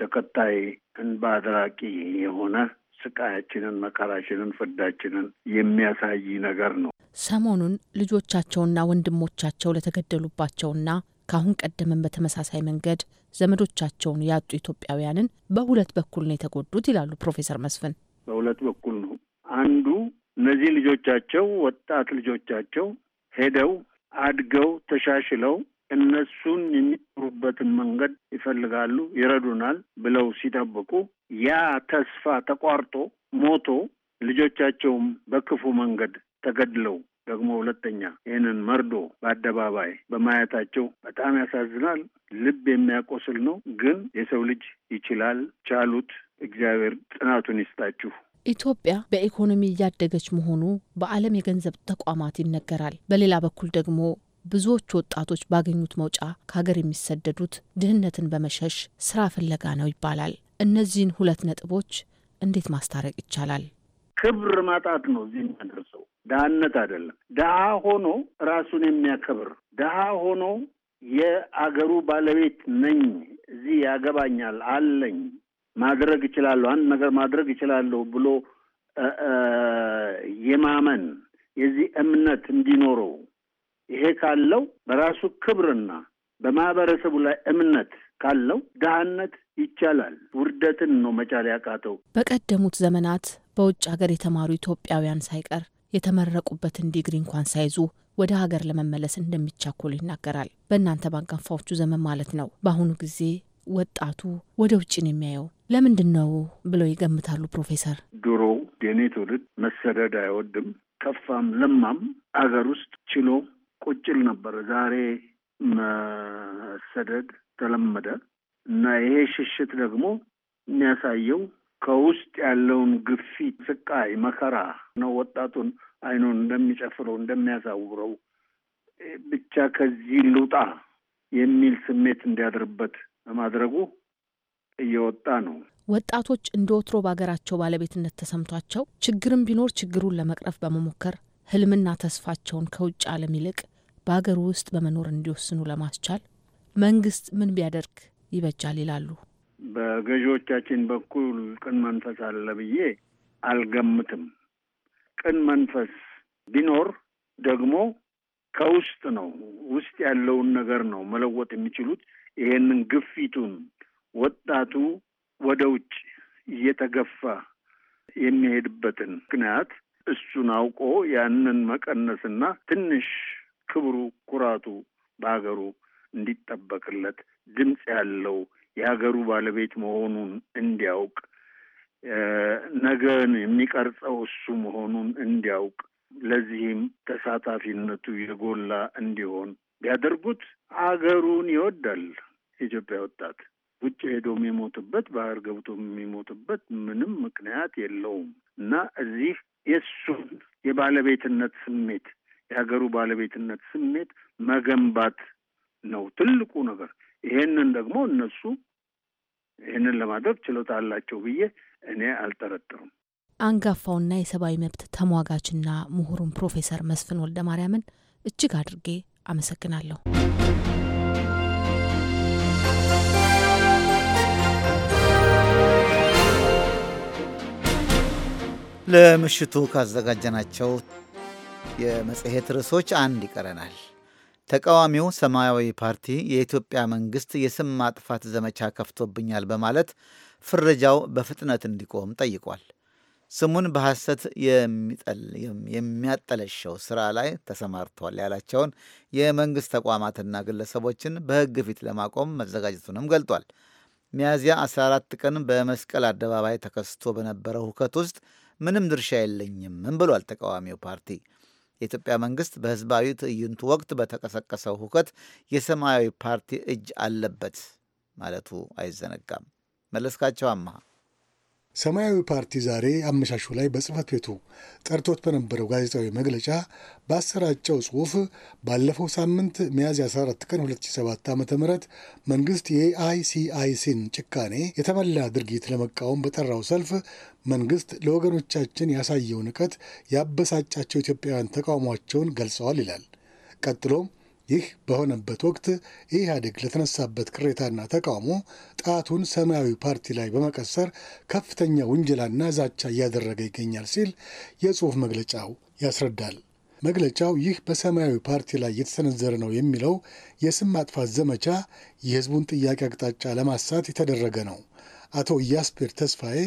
ተከታይ እንባ አድራቂ የሆነ ስቃያችንን፣ መከራችንን፣ ፍዳችንን የሚያሳይ ነገር ነው። ሰሞኑን ልጆቻቸውና ወንድሞቻቸው ለተገደሉባቸውና ከአሁን ቀደምን በተመሳሳይ መንገድ ዘመዶቻቸውን ያጡ ኢትዮጵያውያንን በሁለት በኩል ነው የተጎዱት ይላሉ ፕሮፌሰር መስፍን። በሁለት በኩል ነው። አንዱ እነዚህ ልጆቻቸው ወጣት ልጆቻቸው ሄደው አድገው ተሻሽለው እነሱን የሚኖሩበትን መንገድ ይፈልጋሉ፣ ይረዱናል ብለው ሲጠብቁ ያ ተስፋ ተቋርጦ ሞቶ ልጆቻቸውም በክፉ መንገድ ተገድለው ደግሞ ሁለተኛ ይህንን መርዶ በአደባባይ በማየታቸው በጣም ያሳዝናል። ልብ የሚያቆስል ነው። ግን የሰው ልጅ ይችላል። ቻሉት፣ እግዚአብሔር ጥናቱን ይስጣችሁ። ኢትዮጵያ በኢኮኖሚ እያደገች መሆኑ በዓለም የገንዘብ ተቋማት ይነገራል። በሌላ በኩል ደግሞ ብዙዎች ወጣቶች ባገኙት መውጫ ከሀገር የሚሰደዱት ድህነትን በመሸሽ ስራ ፍለጋ ነው ይባላል። እነዚህን ሁለት ነጥቦች እንዴት ማስታረቅ ይቻላል? ክብር ማጣት ነው እዚህ የሚያደርሰው ድህነት አይደለም። ድሀ ሆኖ ራሱን የሚያከብር ድሀ ሆኖ የአገሩ ባለቤት ነኝ እዚህ ያገባኛል አለኝ ማድረግ እችላለሁ፣ አንድ ነገር ማድረግ እችላለሁ ብሎ የማመን የዚህ እምነት እንዲኖረው ይሄ ካለው በራሱ ክብርና በማህበረሰቡ ላይ እምነት ካለው ድህነት ይቻላል። ውርደትን ነው መቻል ያቃተው። በቀደሙት ዘመናት በውጭ ሀገር የተማሩ ኢትዮጵያውያን ሳይቀር የተመረቁበትን ዲግሪ እንኳን ሳይዙ ወደ ሀገር ለመመለስ እንደሚቻኮሉ ይናገራል። በእናንተ ባንጋፋዎቹ ዘመን ማለት ነው። በአሁኑ ጊዜ ወጣቱ ወደ ውጭ ነው የሚያየው። ለምንድን ነው ብለው ይገምታሉ ፕሮፌሰር? ድሮ የኔ ትውልድ መሰደድ አይወድም። ከፋም ለማም አገር ውስጥ ችሎ ቁጭል ነበረ። ዛሬ መሰደድ ተለመደ እና ይሄ ሽሽት ደግሞ የሚያሳየው ከውስጥ ያለውን ግፊት፣ ስቃይ፣ መከራ ነው። ወጣቱን አይኑን እንደሚጨፍረው እንደሚያሳውረው ብቻ ከዚህ ልውጣ የሚል ስሜት እንዲያድርበት በማድረጉ እየወጣ ነው። ወጣቶች እንደ ወትሮ በሀገራቸው ባለቤትነት ተሰምቷቸው ችግርም ቢኖር ችግሩን ለመቅረፍ በመሞከር ህልምና ተስፋቸውን ከውጭ ዓለም ይልቅ በሀገር ውስጥ በመኖር እንዲወስኑ ለማስቻል መንግስት ምን ቢያደርግ ይበጃል ይላሉ? በገዢዎቻችን በኩል ቅን መንፈስ አለ ብዬ አልገምትም። ቅን መንፈስ ቢኖር ደግሞ ከውስጥ ነው። ውስጥ ያለውን ነገር ነው መለወጥ የሚችሉት ይሄንን ግፊቱን ወጣቱ ወደ ውጭ እየተገፋ የሚሄድበትን ምክንያት እሱን አውቆ ያንን መቀነስና ትንሽ ክብሩ፣ ኩራቱ በሀገሩ እንዲጠበቅለት ድምፅ ያለው የሀገሩ ባለቤት መሆኑን እንዲያውቅ ነገን የሚቀርጸው እሱ መሆኑን እንዲያውቅ ለዚህም ተሳታፊነቱ የጎላ እንዲሆን ቢያደርጉት አገሩን ይወዳል የኢትዮጵያ ወጣት። ውጭ ሄዶ የሚሞትበት ባህር ገብቶ የሚሞትበት ምንም ምክንያት የለውም እና እዚህ የእሱን የባለቤትነት ስሜት የሀገሩ ባለቤትነት ስሜት መገንባት ነው ትልቁ ነገር። ይሄንን ደግሞ እነሱ ይህንን ለማድረግ ችሎታ አላቸው ብዬ እኔ አልጠረጥርም። አንጋፋውና የሰብአዊ መብት ተሟጋችና ምሁሩን ፕሮፌሰር መስፍን ወልደ ማርያምን እጅግ አድርጌ አመሰግናለሁ። ለምሽቱ ካዘጋጀናቸው የመጽሔት ርዕሶች አንድ ይቀረናል። ተቃዋሚው ሰማያዊ ፓርቲ የኢትዮጵያ መንግሥት የስም ማጥፋት ዘመቻ ከፍቶብኛል በማለት ፍረጃው በፍጥነት እንዲቆም ጠይቋል። ስሙን በሐሰት የሚያጠለሸው ስራ ላይ ተሰማርተዋል ያላቸውን የመንግሥት ተቋማትና ግለሰቦችን በሕግ ፊት ለማቆም መዘጋጀቱንም ገልጧል። ሚያዝያ 14 ቀን በመስቀል አደባባይ ተከስቶ በነበረው ሁከት ውስጥ ምንም ድርሻ የለኝምም ብሏል ተቃዋሚው ፓርቲ። የኢትዮጵያ መንግስት በህዝባዊ ትዕይንቱ ወቅት በተቀሰቀሰው ሁከት የሰማያዊ ፓርቲ እጅ አለበት ማለቱ አይዘነጋም። መለስካቸው አመሃ ሰማያዊ ፓርቲ ዛሬ አመሻሹ ላይ በጽህፈት ቤቱ ጠርቶት በነበረው ጋዜጣዊ መግለጫ ባሰራጨው ጽሁፍ ባለፈው ሳምንት ሚያዝያ 14 ቀን 2007 ዓ ም መንግስት የአይሲአይሲን ጭካኔ የተሞላ ድርጊት ለመቃወም በጠራው ሰልፍ መንግስት ለወገኖቻችን ያሳየው ንቀት ያበሳጫቸው ኢትዮጵያውያን ተቃውሟቸውን ገልጸዋል ይላል። ቀጥሎም ይህ በሆነበት ወቅት ኢህአዴግ ለተነሳበት ቅሬታና ተቃውሞ ጣቱን ሰማያዊ ፓርቲ ላይ በመቀሰር ከፍተኛ ውንጀላና ዛቻ እያደረገ ይገኛል ሲል የጽሑፍ መግለጫው ያስረዳል። መግለጫው ይህ በሰማያዊ ፓርቲ ላይ የተሰነዘረ ነው የሚለው የስም ማጥፋት ዘመቻ የህዝቡን ጥያቄ አቅጣጫ ለማሳት የተደረገ ነው አቶ ኢያስፔር ተስፋዬ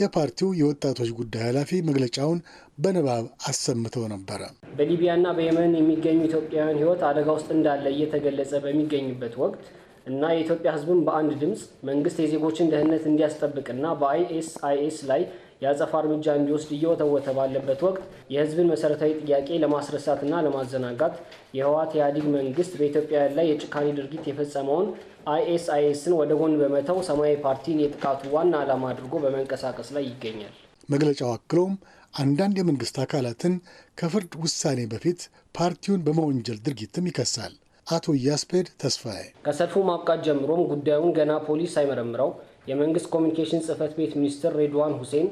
የፓርቲው የወጣቶች ጉዳይ ኃላፊ መግለጫውን በንባብ አሰምተው ነበረ። በሊቢያና በየመን የሚገኙ ኢትዮጵያውያን ሕይወት አደጋ ውስጥ እንዳለ እየተገለጸ በሚገኝበት ወቅት እና የኢትዮጵያ ሕዝብን በአንድ ድምፅ መንግስት የዜጎችን ደህንነት እንዲያስጠብቅና በአይኤስአይኤስ ላይ የአጸፋ እርምጃ እንዲወስድ እየወተወተ ባለበት ወቅት የህዝብን መሰረታዊ ጥያቄ ለማስረሳትና ለማዘናጋት የህወሓት ኢህአዴግ መንግስት በኢትዮጵያውያን ላይ የጭካኔ ድርጊት የፈጸመውን አይኤስአይኤስን ወደ ጎን በመተው ሰማያዊ ፓርቲን የጥቃቱ ዋና ዓላማ አድርጎ በመንቀሳቀስ ላይ ይገኛል። መግለጫው አክሎም አንዳንድ የመንግስት አካላትን ከፍርድ ውሳኔ በፊት ፓርቲውን በመወንጀል ድርጊትም ይከሳል። አቶ እያስፔድ ተስፋዬ ከሰልፉ ማብቃት ጀምሮም ጉዳዩን ገና ፖሊስ ሳይመረምረው የመንግስት ኮሚኒኬሽን ጽህፈት ቤት ሚኒስትር ሬድዋን ሁሴን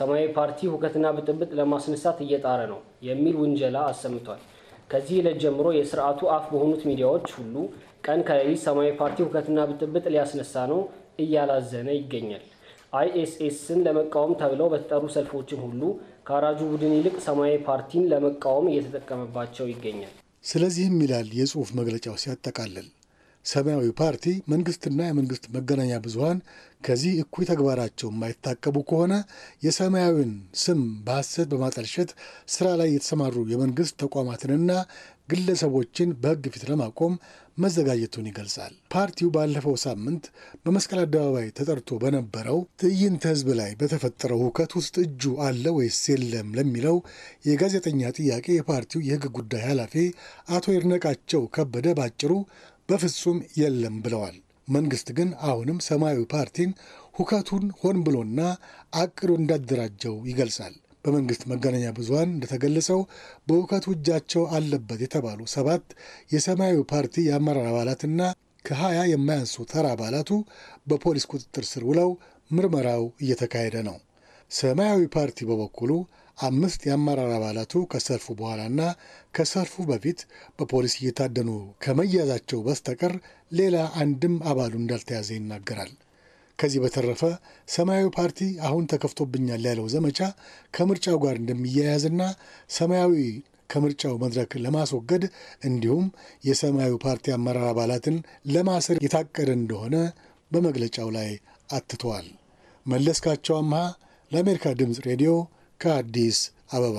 ሰማያዊ ፓርቲ ሁከትና ብጥብጥ ለማስነሳት እየጣረ ነው የሚል ውንጀላ አሰምቷል። ከዚህ ዕለት ጀምሮ የስርዓቱ አፍ በሆኑት ሚዲያዎች ሁሉ ቀን ከሌሊት ሰማያዊ ፓርቲ ሁከትና ብጥብጥ ሊያስነሳ ነው እያላዘነ ይገኛል። አይኤስኤስን ለመቃወም ተብለው በተጠሩ ሰልፎችም ሁሉ ከአራጁ ቡድን ይልቅ ሰማያዊ ፓርቲን ለመቃወም እየተጠቀመባቸው ይገኛል። ስለዚህም ይላል የጽሑፍ መግለጫው ሲያጠቃልል ሰማያዊ ፓርቲ መንግስትና የመንግስት መገናኛ ብዙኃን ከዚህ እኩይ ተግባራቸው የማይታቀቡ ከሆነ የሰማያዊን ስም በሐሰት በማጠልሸት ስራ ላይ የተሰማሩ የመንግስት ተቋማትንና ግለሰቦችን በሕግ ፊት ለማቆም መዘጋጀቱን ይገልጻል። ፓርቲው ባለፈው ሳምንት በመስቀል አደባባይ ተጠርቶ በነበረው ትዕይንተ ህዝብ ላይ በተፈጠረው ሁከት ውስጥ እጁ አለ ወይስ የለም ለሚለው የጋዜጠኛ ጥያቄ የፓርቲው የህግ ጉዳይ ኃላፊ አቶ ይርነቃቸው ከበደ ባጭሩ በፍጹም የለም ብለዋል። መንግስት ግን አሁንም ሰማያዊ ፓርቲን ሁከቱን ሆን ብሎና አቅዶ እንዳደራጀው ይገልጻል። በመንግስት መገናኛ ብዙሀን እንደተገለጸው በውከቱ እጃቸው አለበት የተባሉ ሰባት የሰማያዊ ፓርቲ የአመራር አባላትና ከሀያ የማያንሱ ተራ አባላቱ በፖሊስ ቁጥጥር ስር ውለው ምርመራው እየተካሄደ ነው። ሰማያዊ ፓርቲ በበኩሉ አምስት የአመራር አባላቱ ከሰልፉ በኋላና ከሰልፉ በፊት በፖሊስ እየታደኑ ከመያዛቸው በስተቀር ሌላ አንድም አባሉ እንዳልተያዘ ይናገራል። ከዚህ በተረፈ ሰማያዊ ፓርቲ አሁን ተከፍቶብኛል ያለው ዘመቻ ከምርጫው ጋር እንደሚያያዝና ሰማያዊ ከምርጫው መድረክ ለማስወገድ እንዲሁም የሰማያዊ ፓርቲ አመራር አባላትን ለማሰር የታቀደ እንደሆነ በመግለጫው ላይ አትተዋል። መለስካቸው አምሃ ለአሜሪካ ድምፅ ሬዲዮ ከአዲስ አበባ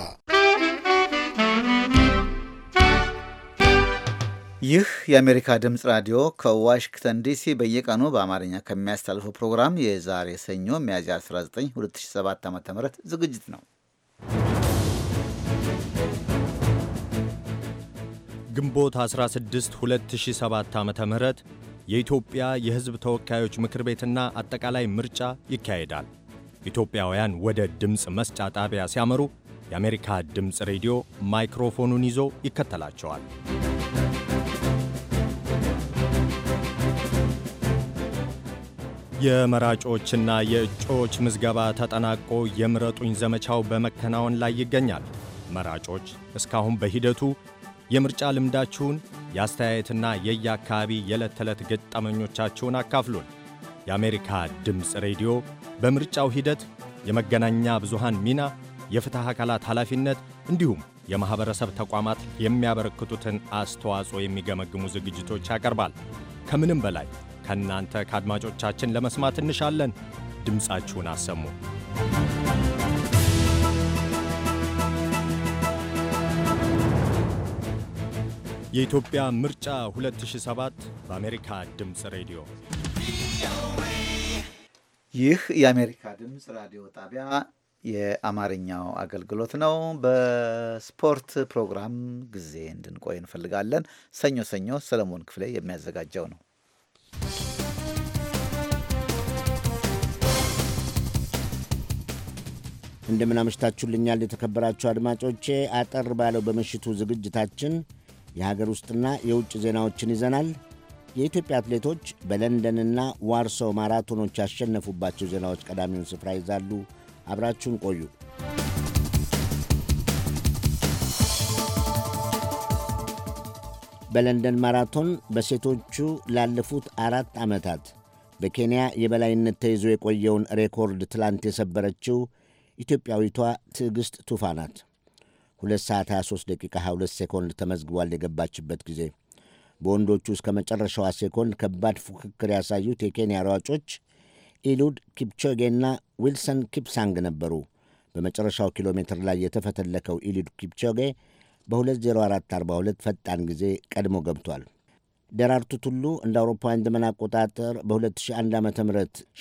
ይህ የአሜሪካ ድምፅ ራዲዮ ከዋሽንግተን ዲሲ በየቀኑ በአማርኛ ከሚያስተላልፈው ፕሮግራም የዛሬ ሰኞ ሚያዝያ 19 2007 ዓ ም ዝግጅት ነው። ግንቦት 16 2007 ዓ ም የኢትዮጵያ የሕዝብ ተወካዮች ምክር ቤትና አጠቃላይ ምርጫ ይካሄዳል። ኢትዮጵያውያን ወደ ድምፅ መስጫ ጣቢያ ሲያመሩ የአሜሪካ ድምፅ ሬዲዮ ማይክሮፎኑን ይዞ ይከተላቸዋል። የመራጮችና የእጩዎች ምዝገባ ተጠናቆ የምረጡኝ ዘመቻው በመከናወን ላይ ይገኛል። መራጮች እስካሁን በሂደቱ የምርጫ ልምዳችሁን፣ የአስተያየትና የየአካባቢ የዕለት ተዕለት ገጠመኞቻችሁን አካፍሉን። የአሜሪካ ድምፅ ሬዲዮ በምርጫው ሂደት የመገናኛ ብዙሃን ሚና፣ የፍትሕ አካላት ኃላፊነት እንዲሁም የማኅበረሰብ ተቋማት የሚያበረክቱትን አስተዋጽኦ የሚገመግሙ ዝግጅቶች ያቀርባል። ከምንም በላይ ከእናንተ ከአድማጮቻችን ለመስማት እንሻለን። ድምፃችሁን አሰሙ። የኢትዮጵያ ምርጫ 2007 በአሜሪካ ድምፅ ሬዲዮ። ይህ የአሜሪካ ድምፅ ራዲዮ ጣቢያ የአማርኛው አገልግሎት ነው። በስፖርት ፕሮግራም ጊዜ እንድንቆይ እንፈልጋለን። ሰኞ ሰኞ ሰለሞን ክፍሌ የሚያዘጋጀው ነው። እንደምን አምሽታችሁልኛል የተከበራችሁ አድማጮቼ። አጠር ባለው በምሽቱ ዝግጅታችን የሀገር ውስጥና የውጭ ዜናዎችን ይዘናል። የኢትዮጵያ አትሌቶች በለንደንና ዋርሶ ማራቶኖች ያሸነፉባቸው ዜናዎች ቀዳሚውን ስፍራ ይዛሉ። አብራችሁን ቆዩ። በለንደን ማራቶን በሴቶቹ ላለፉት አራት ዓመታት በኬንያ የበላይነት ተይዞ የቆየውን ሬኮርድ ትላንት የሰበረችው ኢትዮጵያዊቷ ትዕግስት ቱፋ ናት። 2 ሰዓት 23 ደቂቃ 22 ሴኮንድ ተመዝግቧል የገባችበት ጊዜ። በወንዶቹ እስከ መጨረሻዋ ሴኮንድ ከባድ ፉክክር ያሳዩት የኬንያ ሯጮች ኢሉድ ኪፕቾጌና ዊልሰን ኪፕሳንግ ነበሩ። በመጨረሻው ኪሎ ሜትር ላይ የተፈተለከው ኢሉድ ኪፕቾጌ በ20442 ፈጣን ጊዜ ቀድሞ ገብቷል። ደራርቱ ቱሉ እንደ አውሮፓውያን ዘመን አቆጣጠር በ2001 ዓ ም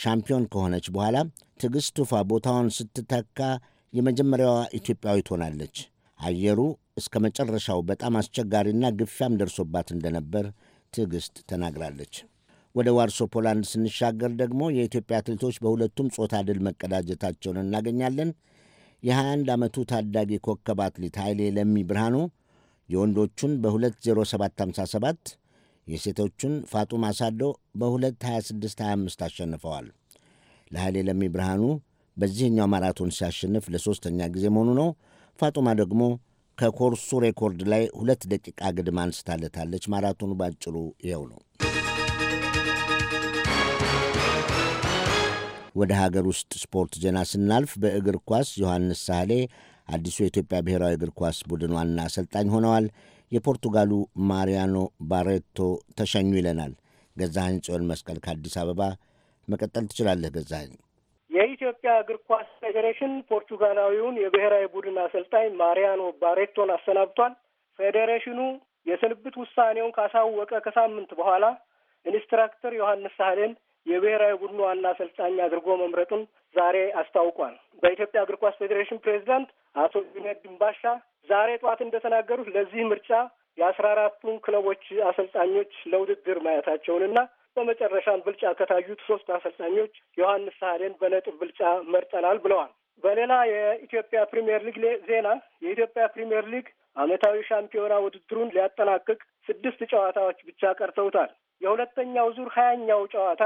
ሻምፒዮን ከሆነች በኋላ ትዕግሥት ቱፋ ቦታውን ስትተካ የመጀመሪያዋ ኢትዮጵያዊ ትሆናለች። አየሩ እስከ መጨረሻው በጣም አስቸጋሪና ግፊያም ደርሶባት እንደነበር ትዕግሥት ተናግራለች። ወደ ዋርሶ ፖላንድ ስንሻገር ደግሞ የኢትዮጵያ አትሌቶች በሁለቱም ጾታ ድል መቀዳጀታቸውን እናገኛለን። የ21 ዓመቱ ታዳጊ ኮከብ አትሌት ኃይሌ ለሚ ብርሃኑ የወንዶቹን በ20757 የሴቶቹን ፋጡማ ሳዶ በ22625 አሸንፈዋል። ለኃይሌ ለሚ ብርሃኑ በዚህኛው ማራቶን ሲያሸንፍ ለሦስተኛ ጊዜ መሆኑ ነው። ፋጡማ ደግሞ ከኮርሱ ሬኮርድ ላይ ሁለት ደቂቃ ግድም አንስታለታለች። ማራቶኑ ባጭሩ ይኸው ነው። ወደ ሀገር ውስጥ ስፖርት ዜና ስናልፍ በእግር ኳስ ዮሐንስ ሳህሌ አዲሱ የኢትዮጵያ ብሔራዊ እግር ኳስ ቡድን ዋና አሰልጣኝ ሆነዋል። የፖርቱጋሉ ማሪያኖ ባሬቶ ተሸኙ ይለናል ገዛኸኝ ጽዮን መስቀል ከአዲስ አበባ መቀጠል ትችላለህ ገዛኸኝ። የኢትዮጵያ እግር ኳስ ፌዴሬሽን ፖርቹጋላዊውን የብሔራዊ ቡድን አሰልጣኝ ማሪያኖ ባሬቶን አሰናብቷል። ፌዴሬሽኑ የስንብት ውሳኔውን ካሳወቀ ከሳምንት በኋላ ኢንስትራክተር ዮሐንስ ሳህሌን የብሔራዊ ቡድኑ ዋና አሰልጣኝ አድርጎ መምረጡን ዛሬ አስታውቋል። በኢትዮጵያ እግር ኳስ ፌዴሬሽን ፕሬዚዳንት አቶ ጁነዲን ድንባሻ ዛሬ ጠዋት እንደተናገሩት ለዚህ ምርጫ የአስራ አራቱን ክለቦች አሰልጣኞች ለውድድር ማየታቸውንና በመጨረሻም ብልጫ ከታዩት ሶስት አሰልጣኞች ዮሐንስ ሳህሌን በነጥብ ብልጫ መርጠናል ብለዋል። በሌላ የኢትዮጵያ ፕሪምየር ሊግ ዜና የኢትዮጵያ ፕሪምየር ሊግ ዓመታዊ ሻምፒዮና ውድድሩን ሊያጠናቅቅ ስድስት ጨዋታዎች ብቻ ቀርተውታል። የሁለተኛው ዙር ሀያኛው ጨዋታ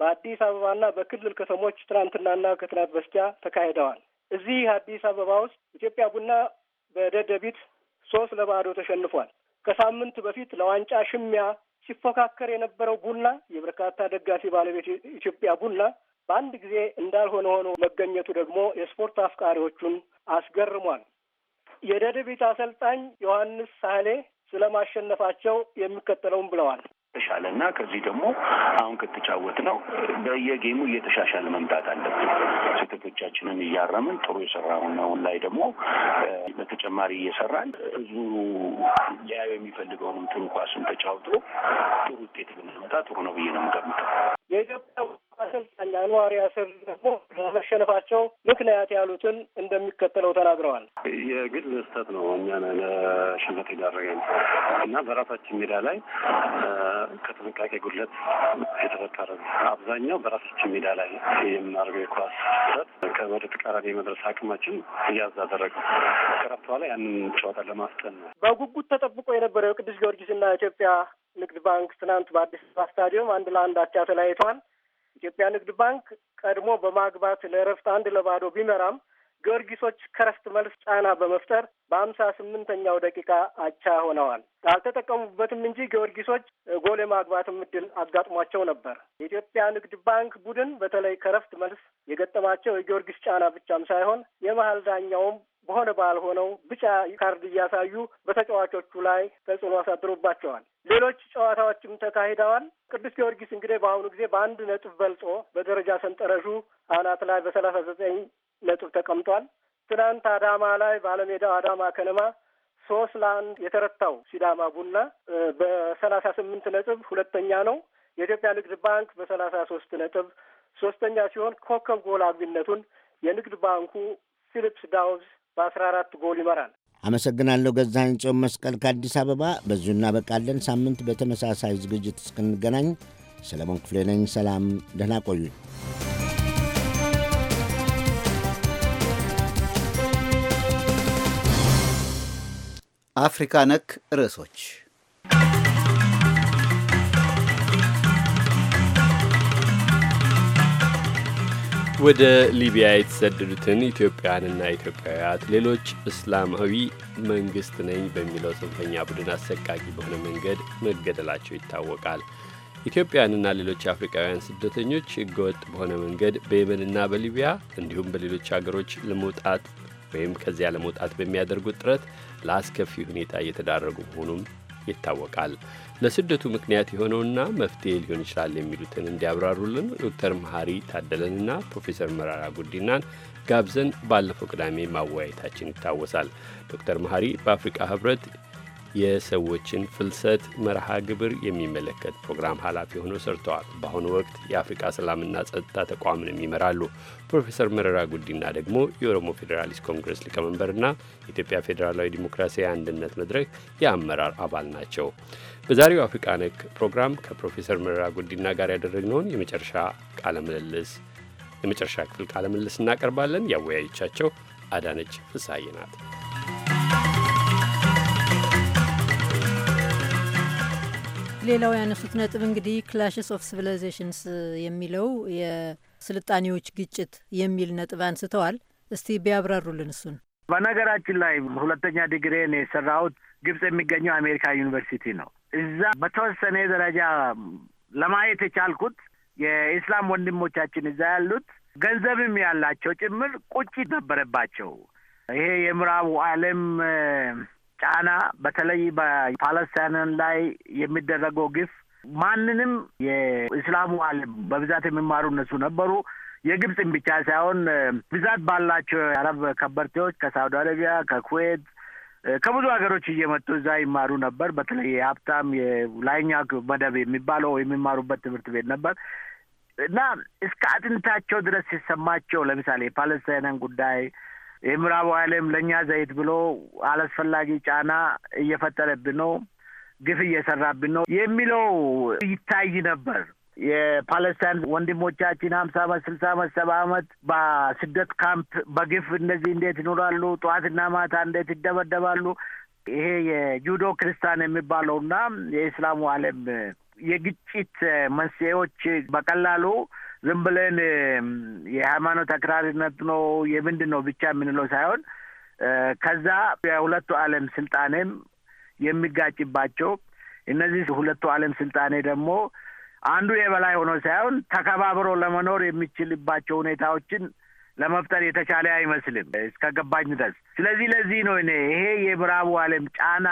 በአዲስ አበባና በክልል ከተሞች ትናንትናና ከትናንት በስቲያ ተካሂደዋል። እዚህ አዲስ አበባ ውስጥ ኢትዮጵያ ቡና በደደቢት ሶስት ለባዶ ተሸንፏል። ከሳምንት በፊት ለዋንጫ ሽሚያ ሲፎካከር የነበረው ቡና የበርካታ ደጋፊ ባለቤት ኢትዮጵያ ቡና በአንድ ጊዜ እንዳልሆነ ሆኖ መገኘቱ ደግሞ የስፖርት አፍቃሪዎቹን አስገርሟል። የደደቢት አሰልጣኝ ዮሐንስ ሳህሌ ስለማሸነፋቸው የሚከተለውን ብለዋል። ተሻለ እና ከዚህ ደግሞ አሁን ክትጫወት ነው በየጌሙ እየተሻሻለ መምጣት አለብን። ስህተቶቻችንን እያረምን ጥሩ የሰራውን አሁን ላይ ደግሞ በተጨማሪ እየሰራን ህዝቡ ሊያዩ የሚፈልገውንም ጥሩ ኳስም ተጫውቶ ጥሩ ውጤት ብናመጣ ጥሩ ነው ብዬ ነው የምገምተው። አሰልጣኝ አንዋሪ አስር ደግሞ ለመሸነፋቸው ምክንያት ያሉትን እንደሚከተለው ተናግረዋል። የግል ስህተት ነው እኛን ለሽንፈት የዳረገን እና በራሳችን ሜዳ ላይ ከጥንቃቄ ጉድለት የተፈጠረ አብዛኛው በራሳችን ሜዳ ላይ የምናደርገው የኳስ ስህተት ከወደ ተቃራኒ የመድረስ አቅማችን እያዛደረገ ከረፍት ላይ ያንን ጨዋታ ለማስጠን ነው። በጉጉት ተጠብቆ የነበረው የቅዱስ ጊዮርጊስና ኢትዮጵያ ንግድ ባንክ ትናንት በአዲስ አበባ ስታዲየም አንድ ለአንድ አቻ ተለያይተዋል። የኢትዮጵያ ንግድ ባንክ ቀድሞ በማግባት ለእረፍት አንድ ለባዶ ቢመራም ጊዮርጊሶች ከረፍት መልስ ጫና በመፍጠር በሀምሳ ስምንተኛው ደቂቃ አቻ ሆነዋል። አልተጠቀሙበትም እንጂ ጊዮርጊሶች ጎል የማግባትም እድል አጋጥሟቸው ነበር። የኢትዮጵያ ንግድ ባንክ ቡድን በተለይ ከረፍት መልስ የገጠማቸው የጊዮርጊስ ጫና ብቻም ሳይሆን የመሀል ዳኛውም በሆነ ባልሆነው ቢጫ ካርድ እያሳዩ በተጫዋቾቹ ላይ ተጽዕኖ አሳድሮባቸዋል። ሌሎች ጨዋታዎችም ተካሂደዋል። ቅዱስ ጊዮርጊስ እንግዲህ በአሁኑ ጊዜ በአንድ ነጥብ በልጦ በደረጃ ሰንጠረዡ አናት ላይ በሰላሳ ዘጠኝ ነጥብ ተቀምጧል። ትናንት አዳማ ላይ ባለሜዳው አዳማ ከነማ ሶስት ለአንድ የተረታው ሲዳማ ቡና በሰላሳ ስምንት ነጥብ ሁለተኛ ነው። የኢትዮጵያ ንግድ ባንክ በሰላሳ ሶስት ነጥብ ሶስተኛ ሲሆን ኮከብ ጎል አግቢነቱን የንግድ ባንኩ ፊሊፕስ ዳውዝ በአስራ አራት ጎል ይመራል። አመሰግናለሁ። ገዛኝ ጽዮን መስቀል ከአዲስ አበባ። በዚሁ እናበቃለን። ሳምንት በተመሳሳይ ዝግጅት እስክንገናኝ ሰለሞን ክፍሌ ነኝ። ሰላም፣ ደህና ቆዩ። አፍሪካ ነክ ርዕሶች ወደ ሊቢያ የተሰደዱትን ኢትዮጵያውያንና ኢትዮጵያውያት ሌሎች እስላማዊ መንግስት ነኝ በሚለው ጽንፈኛ ቡድን አሰቃቂ በሆነ መንገድ መገደላቸው ይታወቃል። ኢትዮጵያውያንና ሌሎች አፍሪካውያን ስደተኞች ህገወጥ በሆነ መንገድ በየመንና በሊቢያ እንዲሁም በሌሎች ሀገሮች ለመውጣት ወይም ከዚያ ለመውጣት በሚያደርጉት ጥረት ለአስከፊ ሁኔታ እየተዳረጉ መሆኑም ይታወቃል። ለስደቱ ምክንያት የሆነውና መፍትሄ ሊሆን ይችላል የሚሉትን እንዲያብራሩልን ዶክተር መሐሪ ታደለንና ፕሮፌሰር መራራ ጉዲናን ጋብዘን ባለፈው ቅዳሜ ማወያየታችን ይታወሳል። ዶክተር መሐሪ በአፍሪቃ ህብረት የሰዎችን ፍልሰት መርሃ ግብር የሚመለከት ፕሮግራም ኃላፊ ሆነው ሰርተዋል። በአሁኑ ወቅት የአፍሪቃ ሰላምና ጸጥታ ተቋምንም ይመራሉ። ፕሮፌሰር መረራ ጉዲና ደግሞ የኦሮሞ ፌዴራሊስት ኮንግረስ ሊቀመንበርና የኢትዮጵያ ፌዴራላዊ ዲሞክራሲያዊ አንድነት መድረክ የአመራር አባል ናቸው። በዛሬው አፍሪቃ ነክ ፕሮግራም ከፕሮፌሰር መረራ ጉዲና ጋር ያደረግነውን የመጨረሻ ቃለ ምልልስ የመጨረሻ ክፍል ቃለ ምልልስ እናቀርባለን። ያወያዩቻቸው አዳነች ፍሳዬ ናት። ሌላው ያነሱት ነጥብ እንግዲህ ክላሽስ ኦፍ ሲቪላይዜሽንስ የሚለው የስልጣኔዎች ግጭት የሚል ነጥብ አንስተዋል። እስቲ ቢያብራሩልን እሱን። በነገራችን ላይ ሁለተኛ ዲግሪን የሰራሁት ግብጽ የሚገኘው አሜሪካ ዩኒቨርሲቲ ነው። እዛ በተወሰነ ደረጃ ለማየት የቻልኩት የኢስላም ወንድሞቻችን እዛ ያሉት ገንዘብም ያላቸው ጭምር ቁጭት ነበረባቸው። ይሄ የምዕራቡ ዓለም ጫና በተለይ በፓለስታይን ላይ የሚደረገው ግፍ ማንንም የእስላሙ ዓለም በብዛት የሚማሩ እነሱ ነበሩ። የግብፅን ብቻ ሳይሆን ብዛት ባላቸው የአረብ ከበርቴዎች ከሳውዲ አረቢያ፣ ከኩዌት ከብዙ ሀገሮች እየመጡ እዛ ይማሩ ነበር። በተለይ የሀብታም የላይኛ መደብ የሚባለው የሚማሩበት ትምህርት ቤት ነበር እና እስከ አጥንታቸው ድረስ ሲሰማቸው፣ ለምሳሌ የፓለስታይናን ጉዳይ የምዕራቡ ዓለም ለእኛ ዘይት ብሎ አላስፈላጊ ጫና እየፈጠረብን ነው፣ ግፍ እየሰራብን ነው የሚለው ይታይ ነበር። የፓለስታይን ወንድሞቻችን ሀምሳ አመት ስልሳ አመት ሰባ አመት በስደት ካምፕ በግፍ እነዚህ እንዴት ይኖራሉ? ጠዋትና ማታ እንዴት ይደበደባሉ? ይሄ የጁዶ ክርስቲያን የሚባለው ና የእስላሙ ዓለም የግጭት መንስኤዎች በቀላሉ ዝም ብለን የሃይማኖት አክራሪነት ነው የምንድን ነው ብቻ የምንለው ሳይሆን ከዛ የሁለቱ ዓለም ስልጣኔም የሚጋጭባቸው እነዚህ ሁለቱ ዓለም ስልጣኔ ደግሞ አንዱ የበላይ ሆኖ ሳይሆን ተከባብሮ ለመኖር የሚችልባቸው ሁኔታዎችን ለመፍጠር የተቻለ አይመስልም እስከገባኝ ድረስ። ስለዚህ ለዚህ ነው እኔ ይሄ የምዕራቡ ዓለም ጫና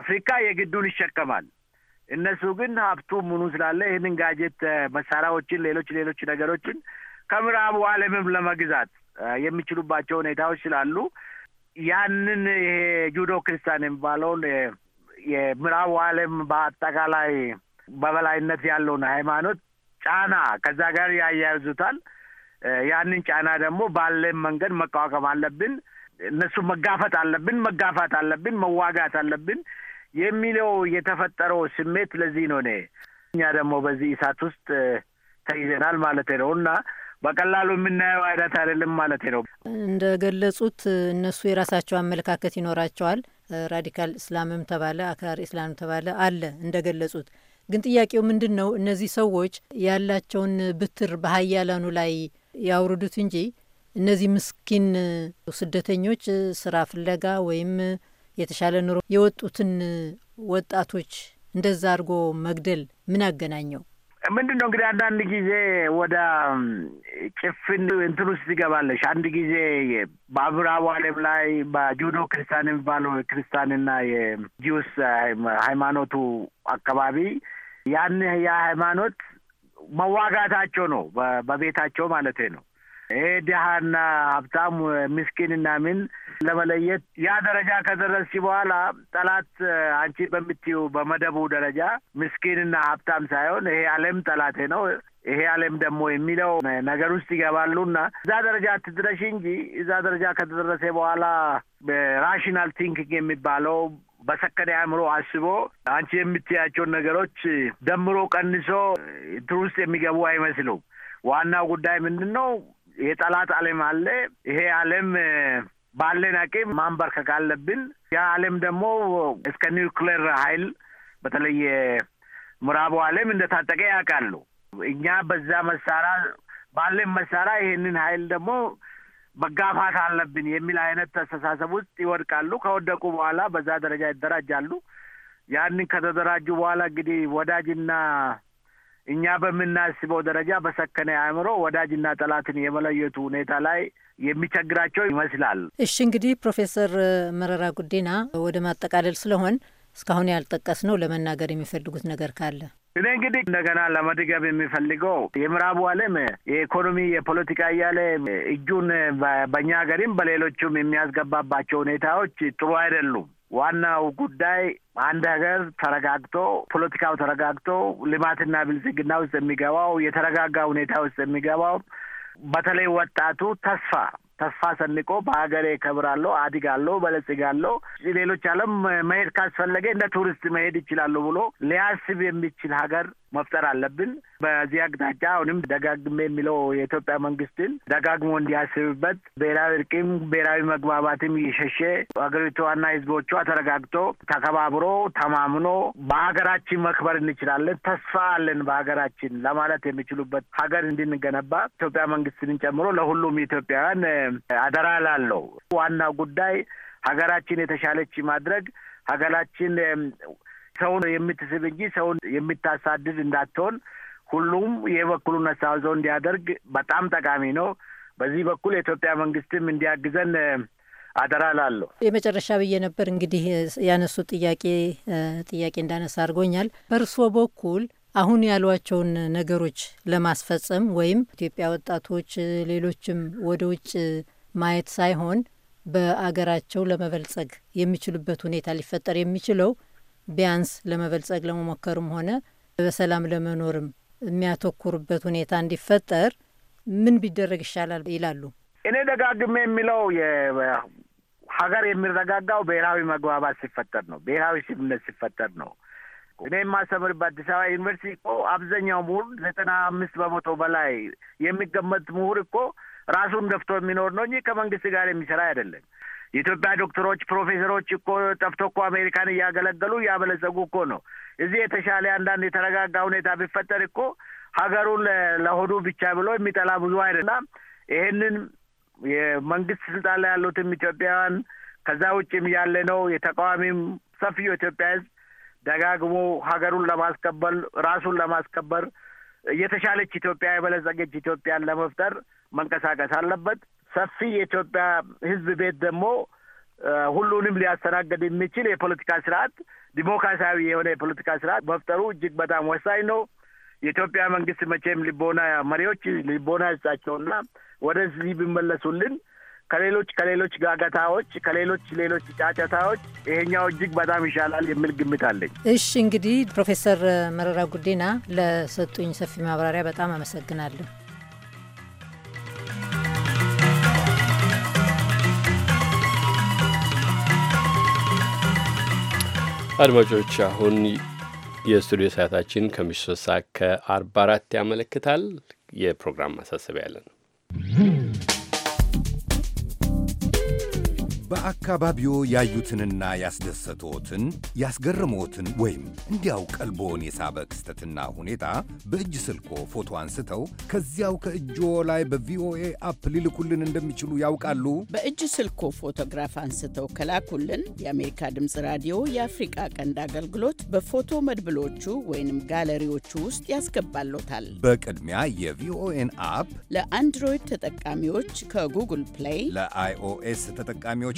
አፍሪካ የግዱን ይሸከማል። እነሱ ግን ሀብቱ ምኑ ስላለ ይህንን ጋጀት መሳሪያዎችን፣ ሌሎች ሌሎች ነገሮችን ከምዕራቡ ዓለምም ለመግዛት የሚችሉባቸው ሁኔታዎች ስላሉ ያንን ይሄ ጁዶ ክርስቲያን የሚባለውን የምዕራቡ ዓለም በአጠቃላይ በበላይነት ያለውን ሃይማኖት ጫና ከዛ ጋር ያያይዙታል። ያንን ጫና ደግሞ ባለን መንገድ መቋቋም አለብን። እነሱ መጋፈጥ አለብን፣ መጋፋት አለብን፣ መዋጋት አለብን የሚለው የተፈጠረው ስሜት ለዚህ ነው። እኔ እኛ ደግሞ በዚህ እሳት ውስጥ ተይዘናል ማለት ነው እና በቀላሉ የምናየው አይነት አይደለም ማለት ነው። እንደ ገለጹት እነሱ የራሳቸው አመለካከት ይኖራቸዋል። ራዲካል እስላምም ተባለ አክራሪ እስላም ተባለ አለ እንደ ገለጹት ግን ጥያቄው ምንድን ነው? እነዚህ ሰዎች ያላቸውን ብትር በሀያላኑ ላይ ያውርዱት እንጂ እነዚህ ምስኪን ስደተኞች ስራ ፍለጋ ወይም የተሻለ ኑሮ የወጡትን ወጣቶች እንደዛ አድርጎ መግደል ምን አገናኘው? ምንድን ነው እንግዲህ አንዳንድ ጊዜ ወደ ጭፍን እንትን ውስጥ ትገባለች። አንድ ጊዜ በአብራቡ ዓለም ላይ በጁዶ ክርስቲያን የሚባለው ክርስቲያንና የጂውስ ሃይማኖቱ አካባቢ ያን የሃይማኖት መዋጋታቸው ነው። በቤታቸው ማለት ነው። ይሄ ድሃና ሀብታም ምስኪንና ምን ለመለየት ያ ደረጃ ከደረስሽ በኋላ ጠላት አንቺ በምትይው በመደቡ ደረጃ ምስኪንና ሀብታም ሳይሆን ይሄ ዓለም ጠላቴ ነው ይሄ ዓለም ደግሞ የሚለው ነገር ውስጥ ይገባሉና እዛ ደረጃ ትድረሽ እንጂ እዛ ደረጃ ከተደረሰ በኋላ ራሽናል ቲንኪንግ የሚባለው በሰከነ አእምሮ አስቦ አንቺ የምትያቸውን ነገሮች ደምሮ ቀንሶ እንትን ውስጥ የሚገቡ አይመስሉም። ዋናው ጉዳይ ምንድን ነው? የጠላት ዓለም አለ። ይሄ ዓለም ባለን አቅም ማንበርከክ አለብን። ያ ዓለም ደግሞ እስከ ኒውክሌር ኃይል በተለይ ምዕራቡ ዓለም እንደታጠቀ ያውቃሉ። እኛ በዛ መሳሪያ ባለን መሳሪያ ይሄንን ኃይል ደግሞ መጋፋት አለብን የሚል አይነት አስተሳሰብ ውስጥ ይወድቃሉ። ከወደቁ በኋላ በዛ ደረጃ ይደራጃሉ። ያንን ከተደራጁ በኋላ እንግዲህ ወዳጅና እኛ በምናስበው ደረጃ በሰከነ አእምሮ ወዳጅና ጠላትን የመለየቱ ሁኔታ ላይ የሚቸግራቸው ይመስላል። እሺ እንግዲህ ፕሮፌሰር መረራ ጉዲና ወደ ማጠቃለል ስለሆን እስካሁን ያልጠቀስ ነው ለመናገር የሚፈልጉት ነገር ካለ እኔ እንግዲህ እንደገና ለመድገብ የሚፈልገው የምዕራቡ ዓለም የኢኮኖሚ የፖለቲካ እያለ እጁን በእኛ ሀገሪም በሌሎቹም የሚያስገባባቸው ሁኔታዎች ጥሩ አይደሉም። ዋናው ጉዳይ አንድ ሀገር ተረጋግቶ ፖለቲካው ተረጋግቶ ልማትና ብልጽግና ውስጥ የሚገባው የተረጋጋ ሁኔታ ውስጥ የሚገባው በተለይ ወጣቱ ተስፋ ተስፋ ሰንቆ በሀገሬ ከብራለሁ፣ አድጋለሁ፣ በለጽጋለሁ፣ ሌሎች ዓለም መሄድ ካስፈለገ እንደ ቱሪስት መሄድ ይችላሉ ብሎ ሊያስብ የሚችል ሀገር መፍጠር አለብን። በዚህ አቅጣጫ አሁንም ደጋግሜ የሚለው የኢትዮጵያ መንግስትን ደጋግሞ እንዲያስብበት ብሔራዊ እርቅም ብሔራዊ መግባባትም እየሸሸ ሀገሪቷና ህዝቦቿ ተረጋግቶ ተከባብሮ ተማምኖ በሀገራችን መክበር እንችላለን፣ ተስፋ አለን በሀገራችን ለማለት የሚችሉበት ሀገር እንድንገነባ ኢትዮጵያ መንግስትን ጨምሮ ለሁሉም ኢትዮጵያውያን አደራ ላለው ዋና ጉዳይ ሀገራችን የተሻለች ማድረግ ሀገራችን ሰውን የምትስብ እንጂ ሰውን የምታሳድድ እንዳትሆን ሁሉም የበኩሉን አስተዋጽኦ እንዲያደርግ በጣም ጠቃሚ ነው። በዚህ በኩል የኢትዮጵያ መንግስትም እንዲያግዘን አደራ ላለሁ። የመጨረሻ ብዬ ነበር እንግዲህ ያነሱት ጥያቄ ጥያቄ እንዳነሳ አድርጎኛል። በእርስዎ በኩል አሁን ያሏቸውን ነገሮች ለማስፈጸም ወይም ኢትዮጵያ ወጣቶች ሌሎችም ወደ ውጭ ማየት ሳይሆን በአገራቸው ለመበልጸግ የሚችሉበት ሁኔታ ሊፈጠር የሚችለው ቢያንስ ለመበልጸግ ለመሞከርም ሆነ በሰላም ለመኖርም የሚያተኩርበት ሁኔታ እንዲፈጠር ምን ቢደረግ ይሻላል ይላሉ? እኔ ደጋግሜ የሚለው ሀገር የሚረጋጋው ብሔራዊ መግባባት ሲፈጠር ነው፣ ብሔራዊ ስምምነት ሲፈጠር ነው። እኔ የማስተምር በአዲስ አበባ ዩኒቨርሲቲ እኮ አብዛኛው ምሁር ዘጠና አምስት በመቶ በላይ የሚገመት ምሁር እኮ ራሱን ደፍቶ የሚኖር ነው እንጂ ከመንግስት ጋር የሚሰራ አይደለም። የኢትዮጵያ ዶክተሮች፣ ፕሮፌሰሮች እኮ ጠፍቶ እኮ አሜሪካን እያገለገሉ እያበለጸጉ እኮ ነው። እዚህ የተሻለ አንዳንድ የተረጋጋ ሁኔታ ቢፈጠር እኮ ሀገሩን ለሆዱ ብቻ ብሎ የሚጠላ ብዙ አይደለም። ይሄንን የመንግስት ስልጣን ላይ ያሉትም ኢትዮጵያውያን ከዛ ውጭም ያለ ነው የተቃዋሚም ሰፊው የኢትዮጵያ ህዝብ ደጋግሞ ሀገሩን ለማስከበር ራሱን ለማስከበር የተሻለች ኢትዮጵያ የበለጸገች ኢትዮጵያን ለመፍጠር መንቀሳቀስ አለበት። ሰፊ የኢትዮጵያ ሕዝብ ቤት ደግሞ ሁሉንም ሊያስተናግድ የሚችል የፖለቲካ ስርዓት፣ ዲሞክራሲያዊ የሆነ የፖለቲካ ስርዓት መፍጠሩ እጅግ በጣም ወሳኝ ነው። የኢትዮጵያ መንግስት መቼም ልቦና መሪዎች ልቦና ይስጣቸውና ወደዚህ ቢመለሱልን ከሌሎች ከሌሎች ጋገታዎች ከሌሎች ሌሎች ጫጫታዎች ይሄኛው እጅግ በጣም ይሻላል የሚል ግምት አለኝ። እሺ እንግዲህ ፕሮፌሰር መረራ ጉዲና ለሰጡኝ ሰፊ ማብራሪያ በጣም አመሰግናለሁ። አድማጮች አሁን የስቱዲዮ ሰዓታችን ከምሽቱ ሶስት ሰዓት ከአርባ አራት ያመለክታል። የፕሮግራም ማሳሰቢያ ያለ ነው። በአካባቢዎ ያዩትንና ያስደሰቶትን ያስገርሞትን ወይም እንዲያው ቀልቦን የሳበ ክስተትና ሁኔታ በእጅ ስልኮ ፎቶ አንስተው ከዚያው ከእጆ ላይ በቪኦኤ አፕ ሊልኩልን እንደሚችሉ ያውቃሉ? በእጅ ስልኮ ፎቶግራፍ አንስተው ከላኩልን የአሜሪካ ድምፅ ራዲዮ የአፍሪቃ ቀንድ አገልግሎት በፎቶ መድብሎቹ ወይንም ጋለሪዎቹ ውስጥ ያስገባሎታል። በቅድሚያ የቪኦኤን አፕ ለአንድሮይድ ተጠቃሚዎች ከጉግል ፕሌይ፣ ለአይኦኤስ ተጠቃሚዎች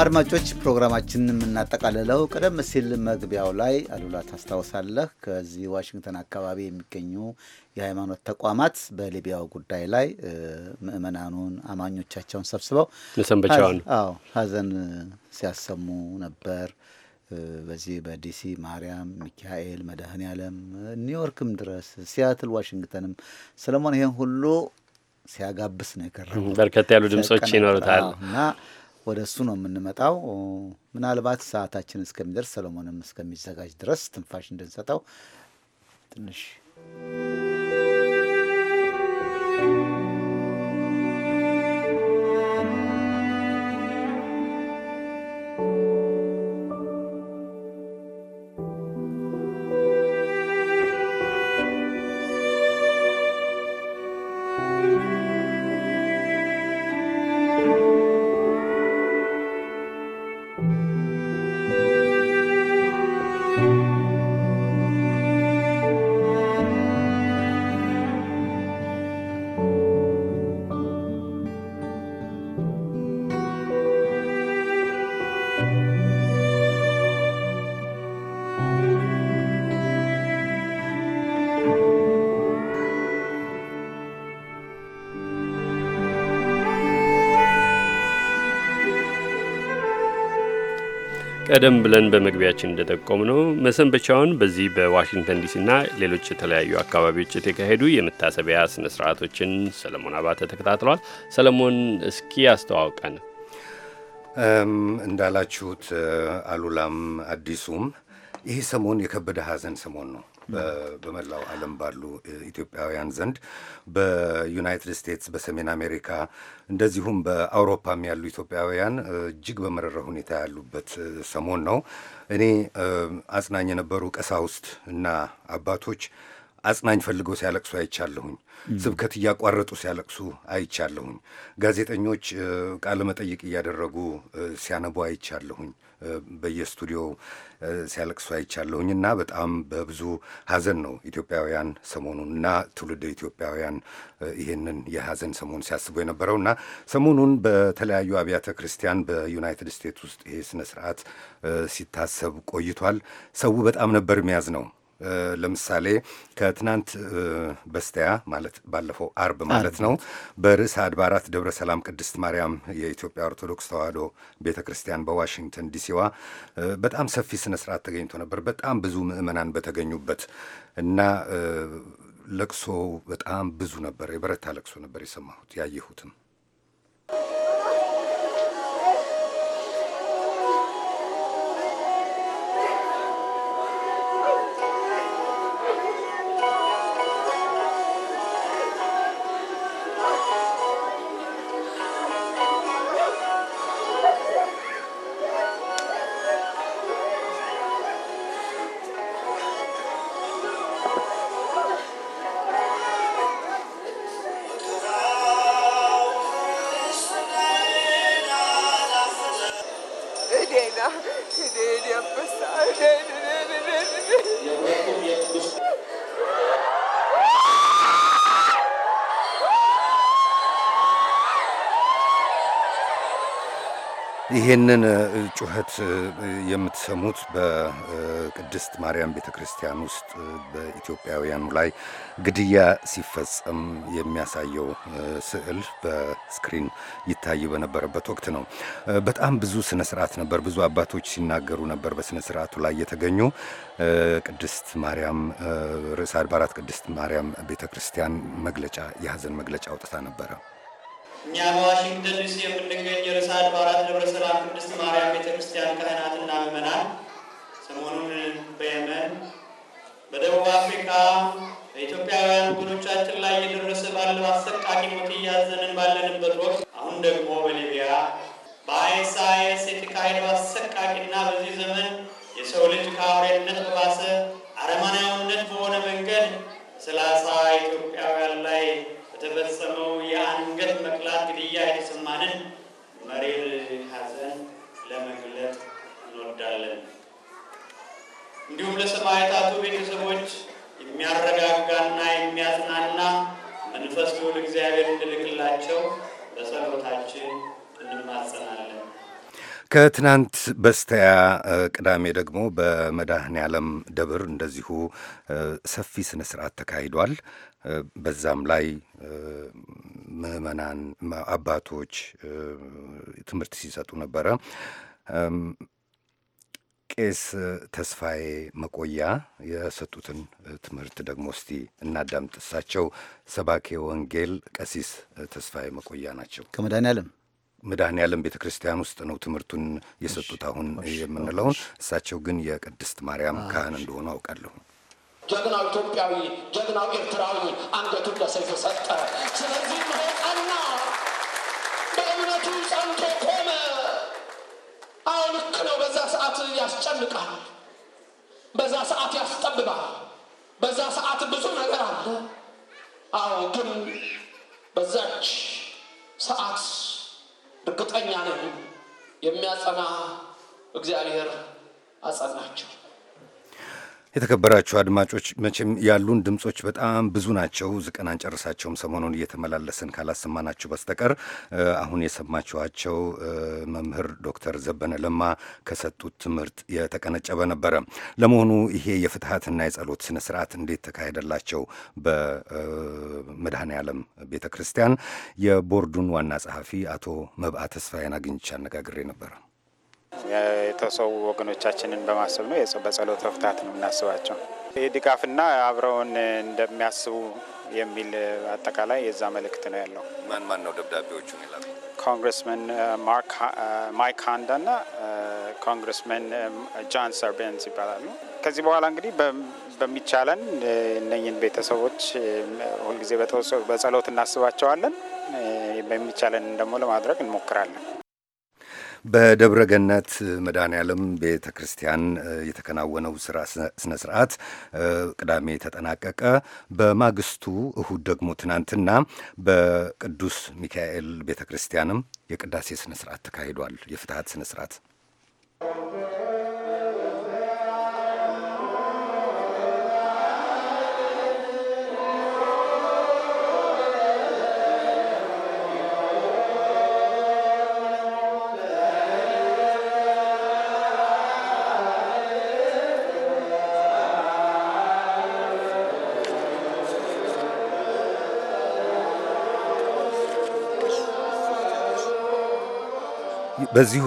አድማጮች ፕሮግራማችንን የምናጠቃልለው ቀደም ሲል መግቢያው ላይ አሉላ ታስታውሳለህ፣ ከዚህ ዋሽንግተን አካባቢ የሚገኙ የሃይማኖት ተቋማት በሊቢያው ጉዳይ ላይ ምእመናኑን አማኞቻቸውን ሰብስበው ለሰንበቻውን አዎ ሀዘን ሲያሰሙ ነበር። በዚህ በዲሲ ማርያም፣ ሚካኤል፣ መድህን ያለም ኒውዮርክም ድረስ ሲያትል፣ ዋሽንግተንም ሰለሞን ይህን ሁሉ ሲያጋብስ ነው የቀረበው። በርከት ያሉ ድምጾች ይኖሩታል እና ወደ እሱ ነው የምንመጣው። ምናልባት ሰዓታችን እስከሚደርስ ሰለሞንም እስከሚዘጋጅ ድረስ ትንፋሽ እንድንሰጠው ትንሽ ቀደም ብለን በመግቢያችን ነው መሰንበቻውን በዚህ በዋሽንግተን ዲሲና ሌሎች የተለያዩ አካባቢዎች የተካሄዱ የመታሰቢያ ስነ ስርዓቶችን ሰለሞን አባተ ተከታትሏል። ሰለሞን እስኪ አስተዋውቀን። እንዳላችሁት አሉላም አዲሱም ይህ ሰሞን የከበደ ሐዘን ሰሞን ነው በመላው ዓለም ባሉ ኢትዮጵያውያን ዘንድ በዩናይትድ ስቴትስ፣ በሰሜን አሜሪካ እንደዚሁም በአውሮፓም ያሉ ኢትዮጵያውያን እጅግ በመረረ ሁኔታ ያሉበት ሰሞን ነው። እኔ አጽናኝ የነበሩ ቀሳውስት እና አባቶች አጽናኝ ፈልገው ሲያለቅሱ አይቻለሁኝ። ስብከት እያቋረጡ ሲያለቅሱ አይቻለሁኝ። ጋዜጠኞች ቃለ መጠይቅ እያደረጉ ሲያነቡ አይቻለሁኝ። በየስቱዲዮው ሲያለቅሱ አይቻለሁኝ እና በጣም በብዙ ሀዘን ነው ኢትዮጵያውያን ሰሞኑን እና ትውልድ ኢትዮጵያውያን ይህንን የሀዘን ሰሞን ሲያስቡ የነበረው እና ሰሞኑን በተለያዩ አብያተ ክርስቲያን በዩናይትድ ስቴትስ ውስጥ ይሄ ስነ ስርዓት ሲታሰብ ቆይቷል። ሰው በጣም ነበር የሚያዝ ነው። ለምሳሌ ከትናንት በስቲያ ማለት ባለፈው አርብ ማለት ነው በርዕሰ አድባራት ደብረ ሰላም ቅድስት ማርያም የኢትዮጵያ ኦርቶዶክስ ተዋሕዶ ቤተ ክርስቲያን በዋሽንግተን ዲሲዋ በጣም ሰፊ ስነ ስርዓት ተገኝቶ ነበር። በጣም ብዙ ምእመናን በተገኙበት እና ለቅሶ በጣም ብዙ ነበር። የበረታ ለቅሶ ነበር የሰማሁት ያየሁትም ይህንን ጩኸት የምትሰሙት በቅድስት ማርያም ቤተ ክርስቲያን ውስጥ በኢትዮጵያውያኑ ላይ ግድያ ሲፈጸም የሚያሳየው ስዕል በስክሪን ይታይ በነበረበት ወቅት ነው። በጣም ብዙ ስነ ስርዓት ነበር። ብዙ አባቶች ሲናገሩ ነበር በስነ ስርዓቱ ላይ የተገኙ ቅድስት ማርያም ርዕሰ አድባራት ቅድስት ማርያም ቤተ ክርስቲያን መግለጫ የሀዘን መግለጫ አውጥታ ነበረ። እኛ በዋሽንግተን ዲሲ የምንገኝ ርዕሰ አድባራት ደብረ ሰላም ቅድስት ማርያም ቤተክርስቲያን ካህናትና ምዕመናን ሰሞኑን በየመን፣ በደቡብ አፍሪካ በኢትዮጵያውያን ወገኖቻችን ላይ እየደረሰ ባለው አሰቃቂ ሞት እያዘንን ባለንበት ወቅት አሁን ደግሞ በሊቢያ በአይኤስአይኤስ የተካሄደው አሰቃቂና በዚህ ዘመን የሰው ልጅ ከአውሬነት በባሰ አረማናዊነት በሆነ መንገድ ሰላሳ ኢትዮጵያውያን ላይ በተፈጸመው የአንገት መቅላት ግድያ የተሰማንን መሪር ሐዘን ለመግለጥ እንወዳለን። እንዲሁም ለሰማዕታቱ ቤተሰቦች የሚያረጋጋና የሚያጽናና መንፈስ ልዑል እግዚአብሔር እንድልክላቸው በጸሎታችን እንማጸናለን። ከትናንት በስተያ ቅዳሜ ደግሞ በመድኃኔ ዓለም ደብር እንደዚሁ ሰፊ ስነ ስርዓት ተካሂዷል። በዛም ላይ ምዕመናን አባቶች ትምህርት ሲሰጡ ነበረ። ቄስ ተስፋዬ መቆያ የሰጡትን ትምህርት ደግሞ እስቲ እናዳምጥ። እሳቸው ሰባኬ ወንጌል ቀሲስ ተስፋዬ መቆያ ናቸው። ከመድኃኔዓለም መድኃኔዓለም ቤተ ክርስቲያን ውስጥ ነው ትምህርቱን የሰጡት አሁን የምንለውን። እሳቸው ግን የቅድስት ማርያም ካህን እንደሆኑ አውቃለሁ። ጀግናው ኢትዮጵያዊ፣ ጀግናው ኤርትራዊ አንገቱን ለሰይፍ ሰጠ። ስለዚህ ሆቀና በእምነቱ ጸንቶ ቆመ። አዎ ልክ ነው። በዛ ሰዓት ያስጨንቃል፣ በዛ ሰዓት ያስጠብባል፣ በዛ ሰዓት ብዙ ነገር አለ። አዎ ግን በዛች ሰዓት እርግጠኛ ነኝ የሚያጸና እግዚአብሔር አጸናቸው። የተከበራችሁ አድማጮች መቼም ያሉን ድምፆች በጣም ብዙ ናቸው። ዝቀን አንጨርሳቸውም። ሰሞኑን እየተመላለስን ካላሰማናችሁ በስተቀር አሁን የሰማችኋቸው መምህር ዶክተር ዘበነ ለማ ከሰጡት ትምህርት የተቀነጨበ ነበረ። ለመሆኑ ይሄ የፍትሐትና የጸሎት ስነ ስርዓት እንዴት ተካሄደላቸው? በመድኃኔ ዓለም ቤተ ክርስቲያን የቦርዱን ዋና ጸሐፊ አቶ መብአ ተስፋዬን አግኝቼ አነጋግሬ ነበረ። የተሰው ወገኖቻችንን በማሰብ ነው። በጸሎት ፍትሐት ነው የምናስባቸው። ድጋፍና አብረውን እንደሚያስቡ የሚል አጠቃላይ የዛ መልእክት ነው ያለው። ማን ማን ነው ደብዳቤዎቹን ይላል? ኮንግረስመን ማይክ ሃንዳ እና ኮንግረስመን ጃን ሰርቤንስ ይባላሉ። ከዚህ በኋላ እንግዲህ በሚቻለን እነኝን ቤተሰቦች ሁልጊዜ በጸሎት እናስባቸዋለን። በሚቻለን ደግሞ ለማድረግ እንሞክራለን። በደብረገነት መድኃኔዓለም ቤተ ክርስቲያን የተከናወነው ስነ ስርዓት ቅዳሜ ተጠናቀቀ። በማግስቱ እሁድ ደግሞ ትናንትና በቅዱስ ሚካኤል ቤተ ክርስቲያንም የቅዳሴ ስነ ስርዓት ተካሂዷል። የፍትሐት ስነ ስርዓት በዚሁ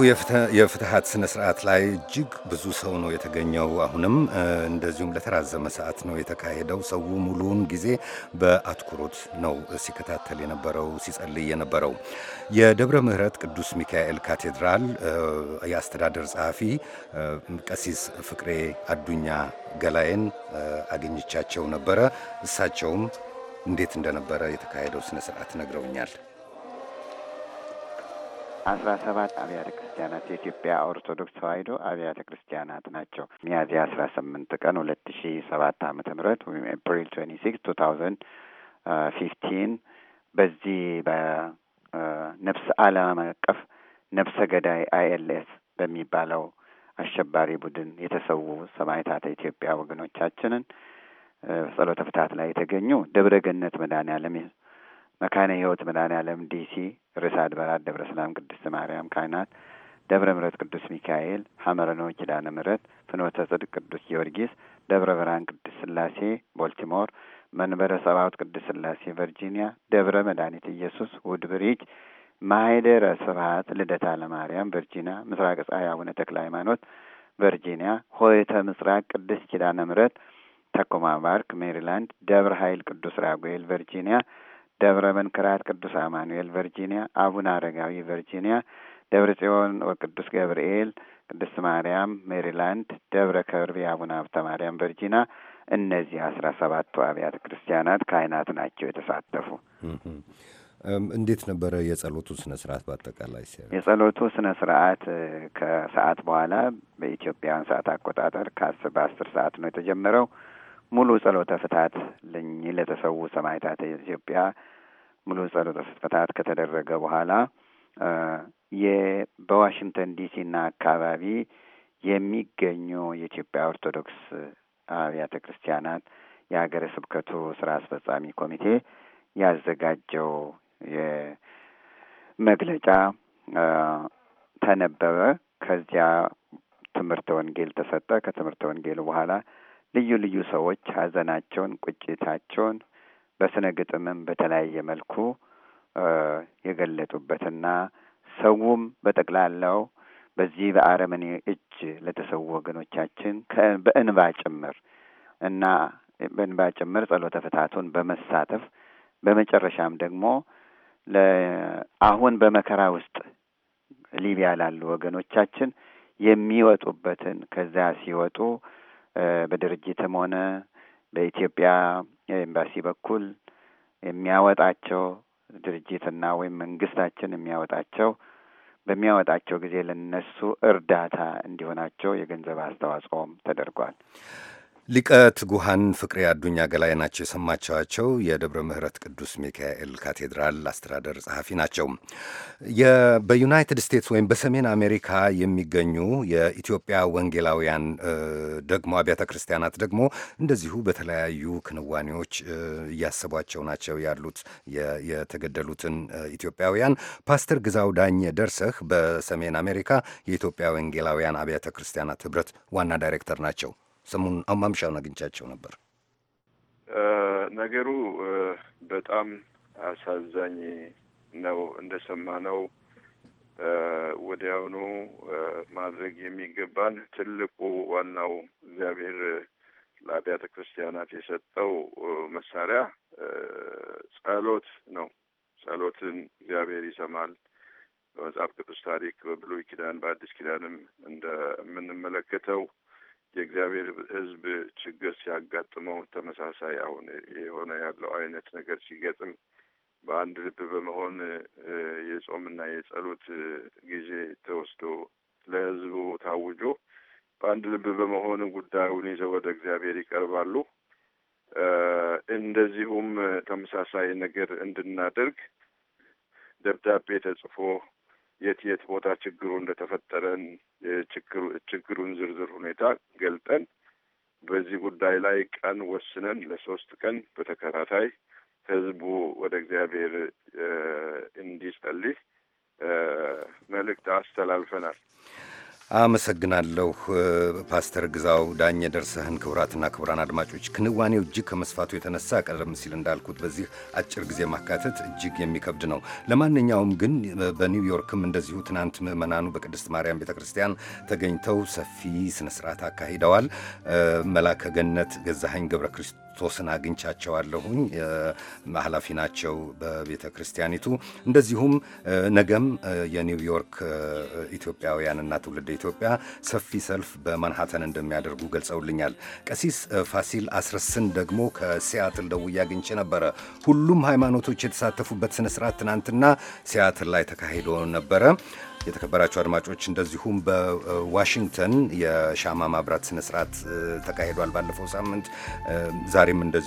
የፍትሐት ስነ ስርዓት ላይ እጅግ ብዙ ሰው ነው የተገኘው። አሁንም እንደዚሁም ለተራዘመ ሰዓት ነው የተካሄደው። ሰው ሙሉውን ጊዜ በአትኩሮት ነው ሲከታተል የነበረው ሲጸልይ የነበረው። የደብረ ምሕረት ቅዱስ ሚካኤል ካቴድራል የአስተዳደር ጸሐፊ ቀሲስ ፍቅሬ አዱኛ ገላይን አገኘቻቸው ነበረ። እሳቸውም እንዴት እንደነበረ የተካሄደው ስነ ስርዓት ነግረውኛል። አስራ ሰባት አብያተ ክርስቲያናት የኢትዮጵያ ኦርቶዶክስ ተዋሕዶ አብያተ ክርስቲያናት ናቸው። ሚያዝያ አስራ ስምንት ቀን ሁለት ሺ ሰባት አመተ ምህረት ወይም ኤፕሪል ትዌንቲ ሲክስ ቱ ታውዘንድ ፊፍቲን በዚህ በነፍስ uh, ዓለም አቀፍ ነፍሰ ገዳይ አይኤልኤስ በሚባለው አሸባሪ ቡድን የተሰዉ ሰማዕታተ ኢትዮጵያ ወገኖቻችንን uh, ጸሎተ ፍትሐት ላይ የተገኙ ደብረ ገነት መድኃኔ ዓለም መካነ ሕይወት መድኃኔ ዓለም ዲሲ ርዕሰ አድባራት ደብረ ሰላም ቅድስት ማርያም ካህናት፣ ደብረ ምረት ቅዱስ ሚካኤል፣ ሐመረኖ ኪዳነ ምሕረት፣ ፍኖተ ጽድቅ ቅዱስ ጊዮርጊስ፣ ደብረ ብርሃን ቅዱስ ስላሴ ቦልቲሞር፣ መንበረ ጸባዖት ቅዱስ ስላሴ ቨርጂኒያ፣ ደብረ መድኃኒት ኢየሱስ ውድብሪጅ፣ ማኅደረ ስብሐት ልደታ ለማርያም ቨርጂኒያ፣ ምስራቅ ፀሐይ አቡነ ተክለ ሃይማኖት ቨርጂኒያ፣ ሆይተ ምስራቅ ቅዱስ ኪዳነ ምሕረት ተኮማ ባርክ ሜሪላንድ፣ ደብረ ኃይል ቅዱስ ራጉኤል ቨርጂኒያ ደብረ መንክራት ቅዱስ አማኑኤል ቨርጂኒያ፣ አቡነ አረጋዊ ቨርጂኒያ፣ ደብረ ጽዮን ወቅዱስ ገብርኤል ቅዱስ ማርያም ሜሪላንድ፣ ደብረ ከርቢ አቡነ ሀብተ ማርያም ቨርጂና እነዚህ አስራ ሰባቱ አብያተ ክርስቲያናት ካህናት ናቸው የተሳተፉ። እንዴት ነበረ የጸሎቱ ስነ ስርዓት? በአጠቃላይ የጸሎቱ ስነ ስርዓት ከሰዓት በኋላ በኢትዮጵያን ሰዓት አቆጣጠር ከአስር በአስር ሰዓት ነው የተጀመረው። ሙሉ ጸሎተ ፍታት ለእኚህ ለተሰዉ ሰማዕታት ኢትዮጵያ ሙሉ ጸሎተ ፍጥቀታት ከተደረገ በኋላ በዋሽንግተን ዲሲና አካባቢ የሚገኙ የኢትዮጵያ ኦርቶዶክስ አብያተ ክርስቲያናት የሀገረ ስብከቱ ስራ አስፈጻሚ ኮሚቴ ያዘጋጀው የመግለጫ ተነበበ። ከዚያ ትምህርተ ወንጌል ተሰጠ። ከትምህርተ ወንጌሉ በኋላ ልዩ ልዩ ሰዎች ሀዘናቸውን ቁጭታቸውን፣ በስነ ግጥምም በተለያየ መልኩ የገለጡበትና ሰውም በጠቅላላው በዚህ በአረመኔ እጅ ለተሰዉ ወገኖቻችን በእንባ ጭምር እና በእንባ ጭምር ጸሎተ ፍታቱን በመሳተፍ በመጨረሻም ደግሞ አሁን በመከራ ውስጥ ሊቢያ ላሉ ወገኖቻችን የሚወጡበትን ከዚያ ሲወጡ በድርጅትም ሆነ በኢትዮጵያ ኤምባሲ በኩል የሚያወጣቸው ድርጅትና ወይም መንግስታችን የሚያወጣቸው በሚያወጣቸው ጊዜ ለነሱ እርዳታ እንዲሆናቸው የገንዘብ አስተዋጽኦም ተደርጓል። ሊቀ ትጉሃን ፍቅሬ አዱኛ ገላይ ናቸው የሰማችኋቸው። የደብረ ምሕረት ቅዱስ ሚካኤል ካቴድራል አስተዳደር ጸሐፊ ናቸው። በዩናይትድ ስቴትስ ወይም በሰሜን አሜሪካ የሚገኙ የኢትዮጵያ ወንጌላውያን ደግሞ አብያተ ክርስቲያናት ደግሞ እንደዚሁ በተለያዩ ክንዋኔዎች እያሰቧቸው ናቸው ያሉት የተገደሉትን ኢትዮጵያውያን። ፓስተር ግዛው ዳኘ ደርሰህ በሰሜን አሜሪካ የኢትዮጵያ ወንጌላውያን አብያተ ክርስቲያናት ህብረት ዋና ዳይሬክተር ናቸው። ሰሞኑን ማምሻውን አግኝቻቸው ነበር። ነገሩ በጣም አሳዛኝ ነው። እንደሰማነው ወዲያውኑ ማድረግ የሚገባን ትልቁ ዋናው እግዚአብሔር ለአብያተ ክርስቲያናት የሰጠው መሳሪያ ጸሎት ነው። ጸሎትን እግዚአብሔር ይሰማል። በመጽሐፍ ቅዱስ ታሪክ በብሉይ ኪዳን በአዲስ ኪዳንም እንደምንመለከተው የእግዚአብሔር ሕዝብ ችግር ሲያጋጥመው ተመሳሳይ አሁን የሆነ ያለው አይነት ነገር ሲገጥም በአንድ ልብ በመሆን የጾምና የጸሎት ጊዜ ተወስዶ ለሕዝቡ ታውጆ በአንድ ልብ በመሆን ጉዳዩን ይዘው ወደ እግዚአብሔር ይቀርባሉ። እንደዚሁም ተመሳሳይ ነገር እንድናደርግ ደብዳቤ ተጽፎ የት የት ቦታ ችግሩ እንደተፈጠረን ችግሩን ዝርዝር ሁኔታ ገልጠን በዚህ ጉዳይ ላይ ቀን ወስነን ለሶስት ቀን በተከታታይ ህዝቡ ወደ እግዚአብሔር እንዲጸልይ መልእክት አስተላልፈናል። አመሰግናለሁ ፓስተር ግዛው ዳኘ ደርሰህን። ክቡራትና ክቡራን አድማጮች ክንዋኔው እጅግ ከመስፋቱ የተነሳ ቀደም ሲል እንዳልኩት በዚህ አጭር ጊዜ ማካተት እጅግ የሚከብድ ነው። ለማንኛውም ግን በኒውዮርክም እንደዚሁ ትናንት ምዕመናኑ በቅድስት ማርያም ቤተ ክርስቲያን ተገኝተው ሰፊ ስነስርዓት አካሂደዋል። መላከ ገነት ገዛኸኝ ገብረ ክርስቶስ ክርስቶስን አግኝቻቸዋለሁኝ። ኃላፊ ናቸው በቤተ ክርስቲያኒቱ። እንደዚሁም ነገም የኒውዮርክ ኢትዮጵያውያንና ትውልደ ኢትዮጵያ ሰፊ ሰልፍ በማንሃተን እንደሚያደርጉ ገልጸውልኛል። ቀሲስ ፋሲል አስረስን ደግሞ ከሲያትል ደውዬ አግኝቼ ነበረ። ሁሉም ሃይማኖቶች የተሳተፉበት ስነ ስርዓት ትናንትና ሲያትል ላይ ተካሂዶ ነበረ። የተከበራቸው አድማጮች እንደዚሁም በዋሽንግተን የሻማ ማብራት ስነስርዓት ተካሂዷል ባለፈው ሳምንት ዛሬም እንደዚሁ